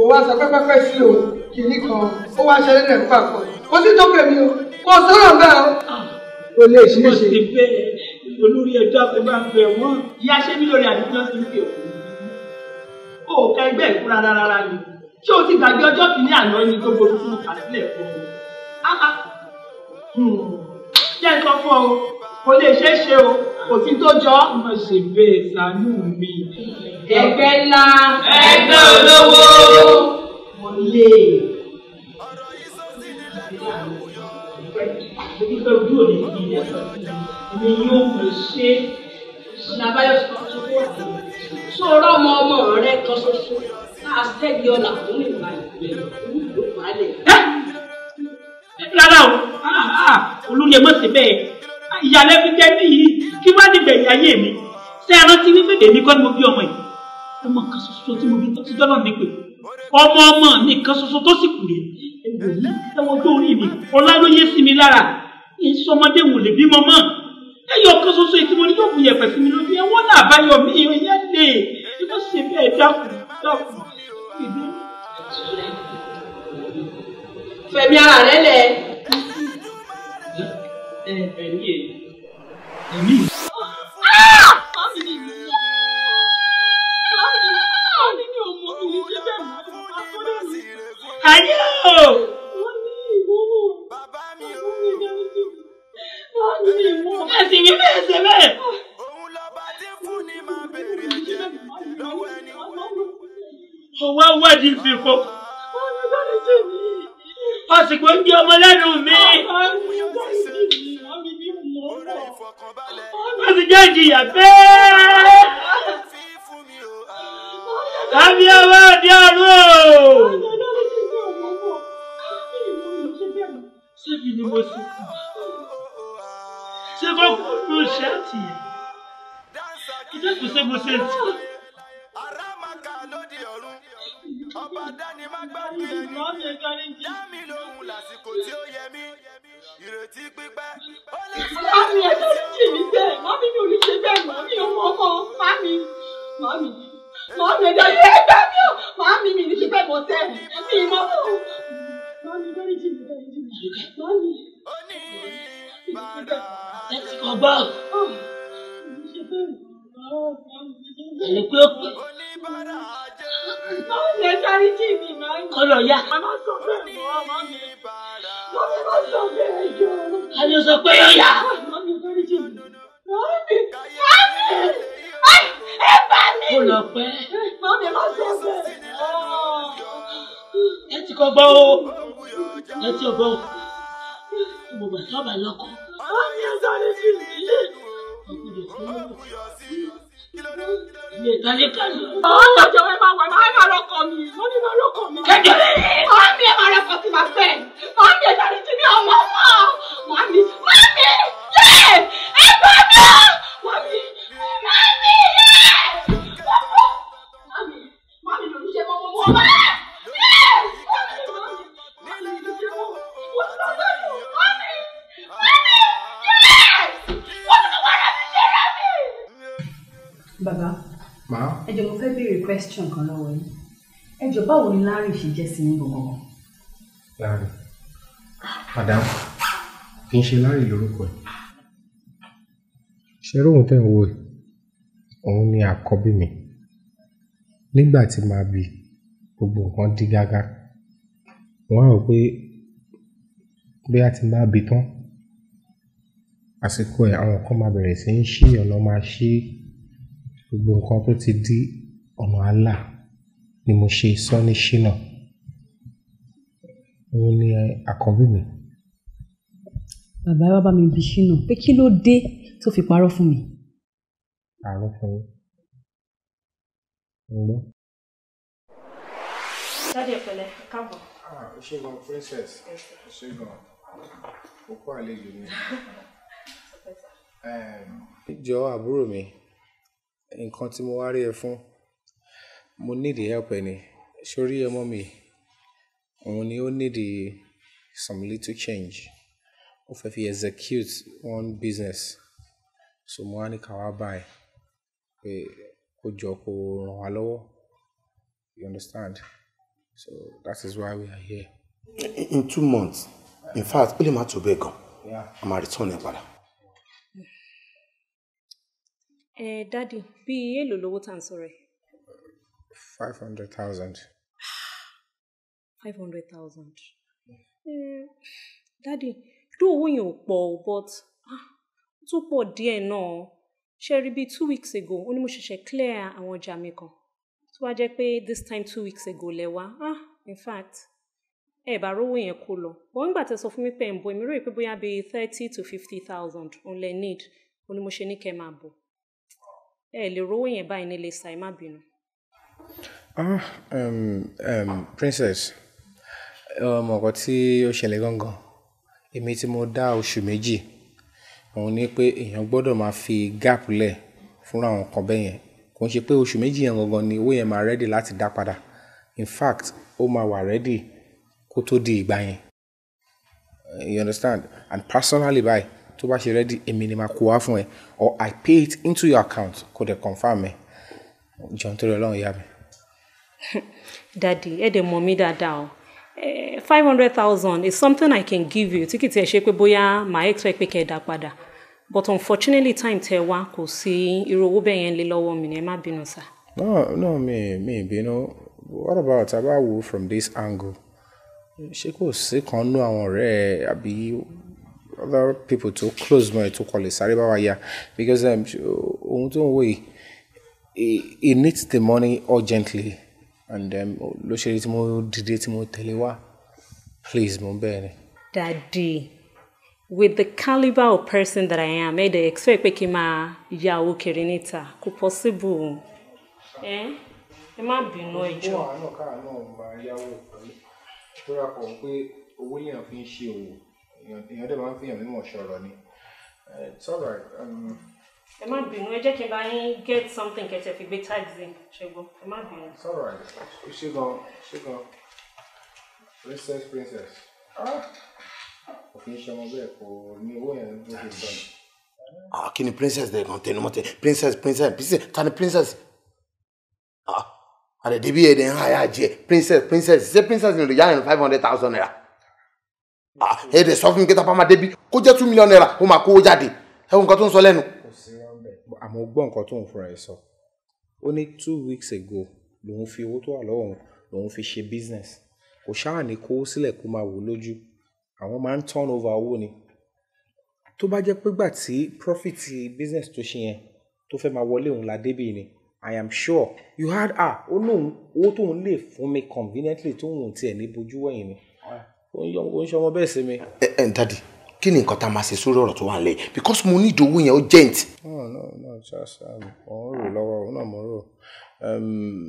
wá sọ pẹ́pẹ́pẹ́ sí o kìíní kan ó wá ṣẹlẹ̀ rẹ̀ pàpọ̀ kò sí tó pè o kò sọ̀rọ̀ bẹ́ẹ̀ o. o lè ṣe é ṣe. olórí ẹjọ́ afẹ́ bá ń bẹ̀ wọ́n ìyá ṣé mi lórí àdúgbò ti ń pè ó o ká ẹgbẹ́ ìkúra rárá ni ṣé o ti gbàgbé ọjọ́ kìíní àná ni gbogbo orúkú kàlílẹ̀ fún un. Hmm. jẹ́ ń sọ fún ọ kò lè ṣeé ṣe o kò sí tó jọ. mo ṣe bẹ́ẹ̀ ṣàánú mi. ẹgbẹ́ ńlá ẹgbẹ́ olówó. mo lè. dúpẹ́ ojú òní ti ilẹ̀ ni yóò fi ṣe ṣìnàbáyọ ṣoṣo sọ̀rọ̀ ọmọ ọmọ rẹ kan ṣoṣo náà sẹ́gi ọ̀là fún ìwà ìgbẹ̀rù ló máa lè. rárá o ah, ah, olórí ẹ mọ̀ sí bẹ́ẹ̀ ah, ìyàlẹ́ fi jẹ́ bí yìí kí wá níbẹ̀ ìyáyé mi ṣé ẹ rántí wípé èmi kọ́ ni mo bí ọmọ yìí ọmọ kan ṣoṣo tí mo bí tó ti dọ́là nípe ọmọ ọmọ mi kan ṣoṣo tó sì kù rèé ẹ̀wọ̀n tó rí mi ọ̀làlóye sí mi lára ìsọmọdé wò lè bímọ mọ́ ẹ̀yọ kan ṣoṣo ètò wọn ni yóò fìyà pẹ̀sì mi lójú ẹ̀wọ̀n náà àbáyọ mi ìyẹn lè tí wọ́n ṣe bẹ́ẹ̀ dákun dákun ìdí. fẹ̀mí ara rẹ lẹ̀. ẹ̀mí ẹ̀ ẹ̀mí. ṣe láàyè lórúkọ ẹ̀. ṣé lóhun tẹ́ ń wo yìí òun ni àkọ́bí mi nígbà tí màá bí gbogbo nǹkan di gágá wọ́n rò pé bí a ti máa bí tán àsìkò ẹ̀ àwọn kan máa bẹ̀rẹ̀ sí ń ṣí ọ̀nà máa ṣí gbogbo nǹkan tó ti di ọ̀nà àlà ni mo ṣe sọ ní ṣínà òun ni àkọ́bí mi bàbá wa bá mi bí ṣínà pé kí ló dé tó fi parọ́ fún mi. àárọ̀ fún yín ǹgbọ́. jáde ìpẹlẹ káàbọ̀. Ah, ṣégun princess ṣégun òkú àlejò mi. jọ àbúrò mi nǹkan tí mo wá rí ẹ fún mo nídìí help ẹ ni sórí ọmọ mi òun ni ó nídìí some little change ó fẹ́ fi execute one business so mo wá ní ká wá báyìí pé kó jọ kó ràn wá lọ́wọ́ you understand so that is why we are here. in two months in fact ó lè má tó bẹ́ẹ̀ gan a máa return ẹ̀ padà. ẹ eh, dádì bíi èèlò lówó tá à ń sọ̀rọ̀ ẹ̀. five hundred thousand. five hundred thousand. Eh, dádì dó owó yẹn ò but ah ó tún pọ̀ díẹ̀ náà ṣe two weeks ago ó ní mo clear our Jamaica. mi kan tó wá this time two weeks ago lewa. ah in fact ẹ bá rówó yẹn kó lọ bọ́n of tẹ́ sọ fún mi pé boy, bọ̀ èmi rò pé bóyá thirty to fifty thousand òun need ó ní mo ṣe ní kẹ́ máa bọ̀ ẹ lè rówó yẹn báyìí nílé ah um, um, princess um, ọkọ tí ó gongo. Èmi tí mo dá oṣù méjì, òun ni pé èèyàn gbọdọ̀ máa fi gap lẹ̀ fún àwọn nǹkan bẹ́ẹ̀ yẹn. Kò ṣe pé oṣù méjì yẹn gangan ni owó yẹn máa ready láti dá padà. In fact, ó máa wà ready kó tó di ìgbà yẹn. You understand? And personally báyìí, tó bá ṣe ready, èmi ni màá kó wá fún ẹ. Or I pay it into your account kó dẹ̀ confirm ẹ. Jọ̀ọ́ nítorí Ọlọ́run ìyá mi. Daddy, ẹ dẹ̀ mọ̀ mí dáadáa o. Eh, five hundred thousand is something I can give you tí kì í tiẹ̀ ṣe pé bóyá màá expect pé kẹ́ ẹ dá padà but unfortunately time tẹ wá kò sí irú owó bẹ́ẹ̀ yẹn lé lọ́wọ́ mi ni ẹ má bínú sá. no no mi mi bínú what about tá a from this angle ṣé kò sí kan nú àwọn ọ̀rẹ́ ẹ àbí other people tó close mọ́ ẹ tó kọlẹ̀ sáré bá wa yá because um, ohun tó ń wò yìí he needs the money urgently and um, lóṣèré tí mo dìde tí mo tẹ̀lé wá please mo bẹ́ẹ̀ ni. Daddy with the calibre of person that I am ẹ dẹ̀ expect pé kí n máa ya owó kiri níta kò possible o ẹ ẹ má bínú ẹjọ́. owó àánú káà náà máa yáwó pẹ̀lú tó rà pé owó yẹn fi ń ṣe òwò èèyàn dẹ̀ máa ń fi hàn mímọ̀ ṣọ̀rọ̀ ni ẹ má bínú ẹ jẹ́ kí n bá yín get something kẹ̀tẹ̀ fi gbé tags in ṣẹ́gun ẹ má bínú. it's alright. right ṣe gan ṣe gan princess princess òfin ṣọmọ bẹ́ẹ̀ kò ní owó yẹn ló ti sọ. ah kí ni princess de. kàn tẹnu mọ́ tẹ princess princess princess ta ni princess ah àdẹ̀dẹ̀ bí ẹ̀dẹ̀ ń háyà jẹ princess princess ṣé princess ni rìyá yẹn five hundred thousand naira ah ẹ̀dẹ̀ sọ fún mi kí tápá máa débi kó jẹ́ two million naira ó máa kówó jáde ẹ̀wọ̀n nǹkan tó ń sọ lẹ́nu mo gbọ́ nǹkan tóun fúnra ẹ̀ sọ ó ní two weeks ago lòun fi owó tó wà lọ́wọ́ lòun fi ṣe business kò ṣáà ní kó sílẹ̀ kó máa wò lójú àwọn máa ń turn over owó ni tó bá jẹ́ pé gbà tí profit business tó ṣe yẹn tó fẹ́ máa wọlé òun la débì ni I am sure you had her ó lóun owó tóun lè fún mi conveniently tóun tiẹ̀ ní bojú wẹ̀yìn ni ó ń ṣọmọ bẹ́ẹ̀ sí mi. ẹ ẹ dadi kí ni nǹkan tá a máa ṣe sórí ọ̀rọ̀ tó wà lẹ́yìn because mo ní ìdòwú yẹn ó gent. no no no just um, mo ń rò lọ́wọ́ òun náà mo ń rò um,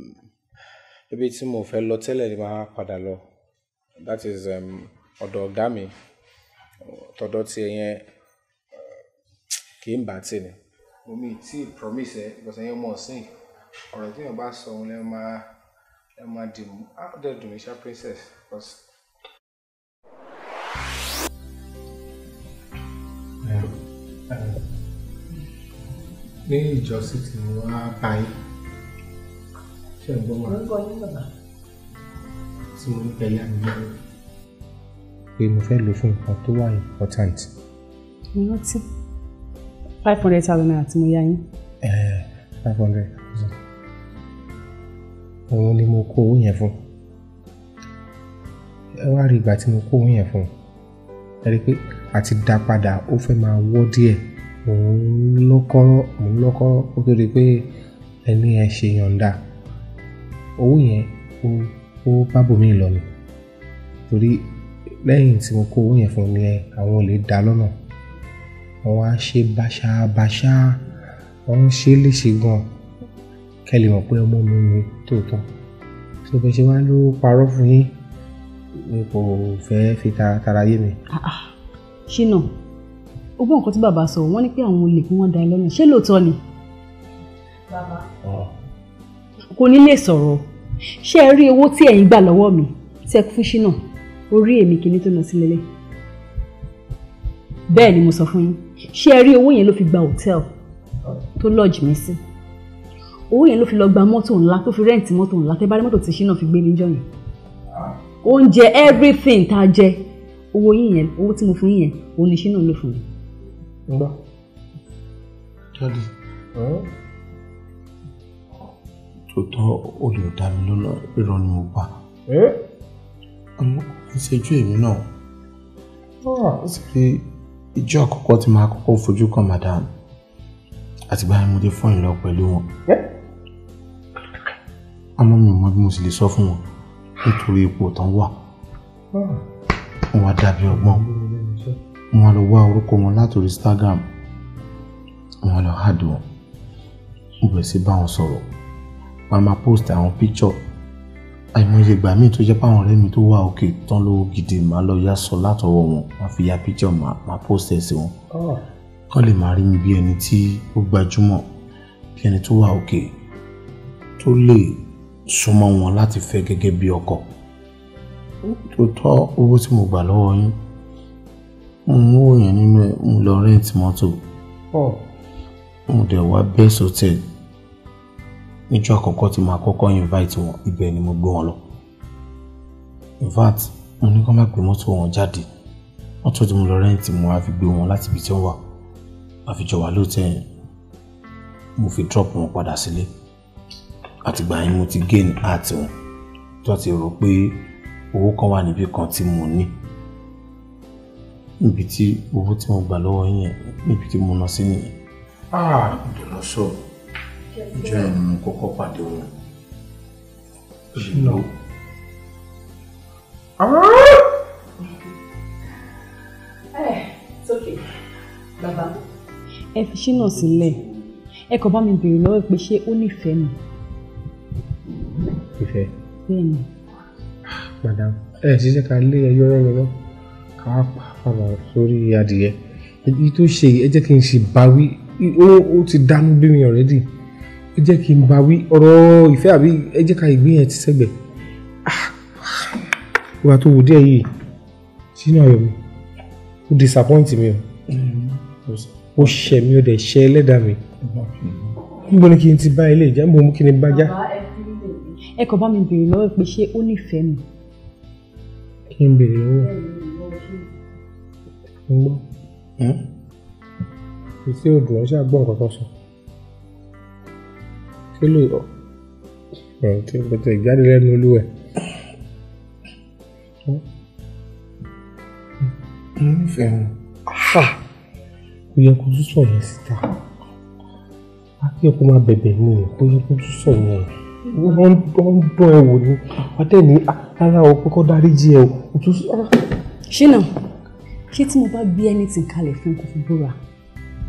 ibi tí mo fẹ́ lọ tẹ́lẹ̀ ni màá padà lọ that is um, ọ̀dọ̀ ọ̀gá mi tọ̀dọ̀ tí ẹ yẹn kì í bà tì ní. mo mi tí promise ẹ because ẹyin mọ̀ sí ọ̀rọ̀ tí yóò bá sọ òun lẹ́ẹ̀ máa lẹ́ẹ̀ máa dì mú á dẹ̀ dùn mí ṣá princess because. ní ìjọsìn tí mo wá bá yín ṣe ń gbọ́ wá tí mo ní pẹ̀lú àmì lọ́wọ́. pé mo fẹ́ lò fún nǹkan tó wà important. ìrántí five hundred thousand naira tí mo yá yín. five hundred thousand òun ni mo kó owó yẹn fún ẹ wá rí ìgbà tí mo kó owó yẹn fún ẹ rí i pé àti dá padà ó fẹ́ máa wọ́ díẹ̀ mò ń lọ́kọ́rọ́ mò ń lọ́kọ́rọ́ ó tó di pé ẹni ẹ ṣe yọ̀ǹda owó yẹn ó ó bábòmí lọ ni torí lẹ́yìn tí mo kó owó yẹn fún mi yẹn àwọn olè dá lọ́nà wọ́n wá ṣe báṣábáṣá wọ́n ṣe léṣe gan kẹ́lẹ́ mọ̀ pé ọmọ mi ni tòótọ́ tó fẹ́ ṣe wá ló parọ́ fún yín mi kò fẹ́ fi taratara yé mi. ṣínà. Ah, ah ogún nǹkan tí bàbá sọ wọ́n ní pé àwọn olè kí wọ́n da ẹ lọ́nà ṣé lóòótọ́ ni. bàbá ah. kò ní lè sọ̀rọ̀ ṣé ẹ rí owó tí ẹ̀yin gbà lọ́wọ́ mi tí ẹ fún ṣínà orí èmi kìíní tó lọ sílẹ̀ lẹ́yìn bẹ́ẹ̀ ni mo sọ fún yín ṣé ẹ rí owó yẹn ló fi gba hòtẹ́ẹ̀lì tó lọ́ọ̀jì mi sí owó yẹn ló fi lọ gba mọ́tò ńlá tó fi rẹ́ǹtì mọ́tò ńlá tẹ́ bá rí mọ́tò tí ṣínà fi gbé mi jọ oúnjẹ everything tá a jẹ owó yín yẹn owó tí mo fún yín òun ni ṣínà ló fún mi gbọ́. jáde tòótọ́ olè ò da mi lọ́nà irọ́ ni mo pa àmọ́ ìṣẹ́jú èmi náà ah. ó sì rí ìjọ àkọ́kọ́ tí màá kọ́kọ́ fojú kan madam àtìgbà yẹn mo dé fún ìlọ pẹ̀lú wọn àmọ́ mi ò mọ bí mo sì lè sọ fún wọn nítorí ipò tán wà wọn ah. wá dàbí ọgbọ́n wọ́n lọ wá orúkọ wọn látòrí Instagram wọ́n lọ hàdù wọn mo bẹ̀rẹ̀ sí bá wọn sọ̀rọ̀ wọ́n á máa post àwọn píkṣọ̀ àìmọye ìgbà míì tó jẹ́ páwọn ọ̀rẹ́ mi tó wà òkè tán lówó gidi màá lọ yá sọ látọwọ́ wọn wọ́n fi ya píkṣọ̀ màá post ẹ̀ sí wọn kọ́ oh. lè máa rí mi bí ẹni tí ó gbajúmọ̀ bí ẹni tó wà òkè tó lè súnmọ́ wọn láti fẹ́ gẹ́gẹ́ bí ọkọ tó tọ́ owó tí mo gbà lọ́wọ́ yín mo mú òyìn nínú ẹ̀ mo lọ rent mọ́tò oh. mo dẹ̀ wá best hotel níjọ́ àkọ́kọ́ tí mo àkọ́kọ́ invite wọn ibẹ̀ ni mo gbé wọn lọ in fact mo ní kó má gbé mọ́tò wọn jáde mọ́tò tí mo lọ rẹ́ǹtì mo á fi gbé wọn láti ibi tí wọ́n wà á fi jọ wà lóòótọ́ yẹn mo fi drop wọn padà sílé àtìgbà yẹn mo ti gain heart wọn tó ti rò pé owó kan wà níbì kan tí mo ní níbi tí owó tí mo gbà lọ́wọ́ yín yẹn níbi tí mo ná sí nìyẹn. ah ìdùnnú sọ ìjọ yẹn ni mo kọ́kọ́ pàdé wọn. ṣùgbọ́n. ẹ sókè bàbá. ẹ fi ṣínà sílẹ̀ ẹ kàn bá mi béèrè lọ́wọ́ pé ṣé ó nífẹ̀ẹ́ mi. ìfẹ́. bẹ́ẹ̀ ni. madam ẹ ṣiṣẹ́ ká lé ẹyọ rẹ lọ́wọ́ ká pa á padà sórí adìyẹ èyí tó ṣe ẹ jẹ́ kí n ṣe báwí ó ti dánú bí mi already ẹ jẹ́ kí n báwí ọ̀rọ̀ ìfẹ́ àbí ẹ jẹ́ ká ìgbín yẹn ti sẹ́gbẹ̀ ah, ìwà tó wù díẹ̀ yìí sínú ayọ̀ mi ó disappoint mi o ó ṣẹ̀ mi ó dẹ̀ ṣẹ̀ ẹlẹ́dàá mi níbo ni kí n ti bá ilé ìjà níbo mú kí ni bá já. ẹ kò bá mi béèrè lọ́wọ́ pé ṣé ó nífẹ̀ẹ́ mi. kí n béèrè lọ́wọ́ ń gbọ́ ìtí odò ẹ ṣàgbọ́ nǹkan tó sọ kí ló ọ̀rọ̀ tí o tẹ ìjáde lẹ́nu olúwẹ̀. Hm? Hm? Hm, mo nífẹ̀ẹ́ wọn kò yẹ kó tún sọ yẹn síta wá kí ọkọ máa bẹ̀bẹ̀ mi ò kó yẹ kó tún sọ yẹn wọ́n ń dán ẹ wò ni wọ́n tẹ̀ ní ah, rárá o pé kó dáríjì ẹ o. Ah! ṣínà ṣé tí mo bá gbé anything kalẹ̀ fún kò fi búra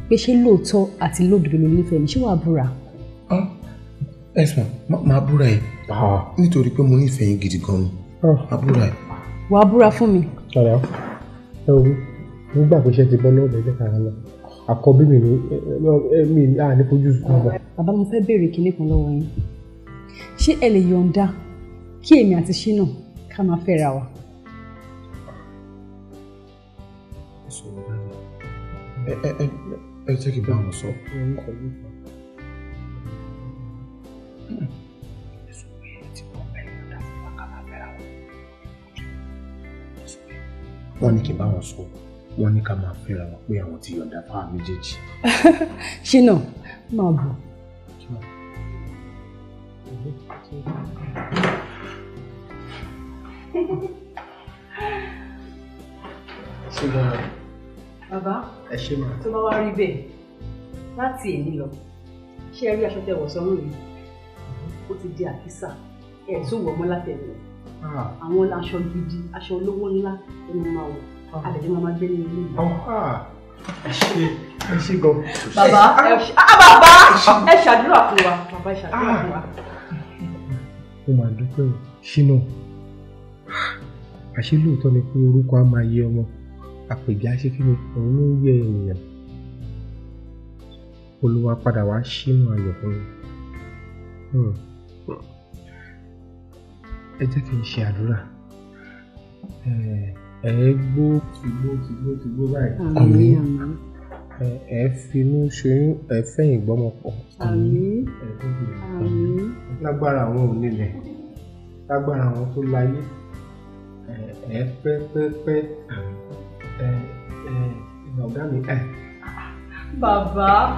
pé ṣé lóòótọ́ àti lódodo ló nífẹ̀ẹ́ mi ṣé wàá búra. ẹ̀sùn ah, máa búra ẹ̀ ah. nítorí pé mo nífẹ̀ẹ́ yín gidi gan-an ah. máa búra ẹ̀. wàá búra fún mi. ọ̀rẹ́ ẹ wo nígbà pé iṣẹ́ ti bọ́ lọ́wọ́ ẹ̀jẹ̀ kan lọ àkọ́bí mi ni mi à ní fojú sùn lọ. bàbá mo fẹ́ béèrè kinní kan lọ́wọ́ yín ṣé ẹ lè yọ̀ǹda kí èmi àti ṣínà ká máa fẹ́ra wa. ẹ ní kí n bá wọn sọ wọ́n ní ká máa fẹ́ra wọn pé àwọn ti yọ̀ǹda fáwọn méjèèjì. ṣínà máa bọ̀. Thank you bàbá ẹ ṣe mà. tó bá wá rí bẹ́ẹ̀ láti èyí lọ ṣé ẹ rí aṣọ tẹ wọ̀ sọ́rùn yìí ó ti di àkísà ẹ tó wọ̀ ọmọ látẹ̀lẹ̀ ah. àwọn aṣọ gidi aṣọ olówó ńlá ẹni máa wọ̀ àdàjọ́ ah. máa gbé ní ilé yìí. Oh, ah. ẹ ṣe ẹ ṣe gan. bàbá ẹ bàbá ẹ ṣàdúrà fún wa bàbá ẹ ṣàdúrà fún wa. mo máa dúpẹ́ o ṣínà àṣé lóòótọ́ ni pé orúkọ á máa yé ọmọ àpèjà ṣe kí ni òun ló ń yẹ ènìyàn olúwa padà wá sínú ayọ̀ fún mi hmm. ẹ jẹ́ kí n ṣe àdúrà ẹ gbó tìgbó tìgbó tìgbó báyìí àmín ẹ finú ṣoyún ẹ fẹ̀yìn gbọ́mọ pọ̀ àmín àmín lágbára àwọn onílẹ̀ lágbára àwọn tó láyé ẹ pẹ́ pẹ́ pẹ́ àmín. É, é, é, não, pra mim. É. Babá.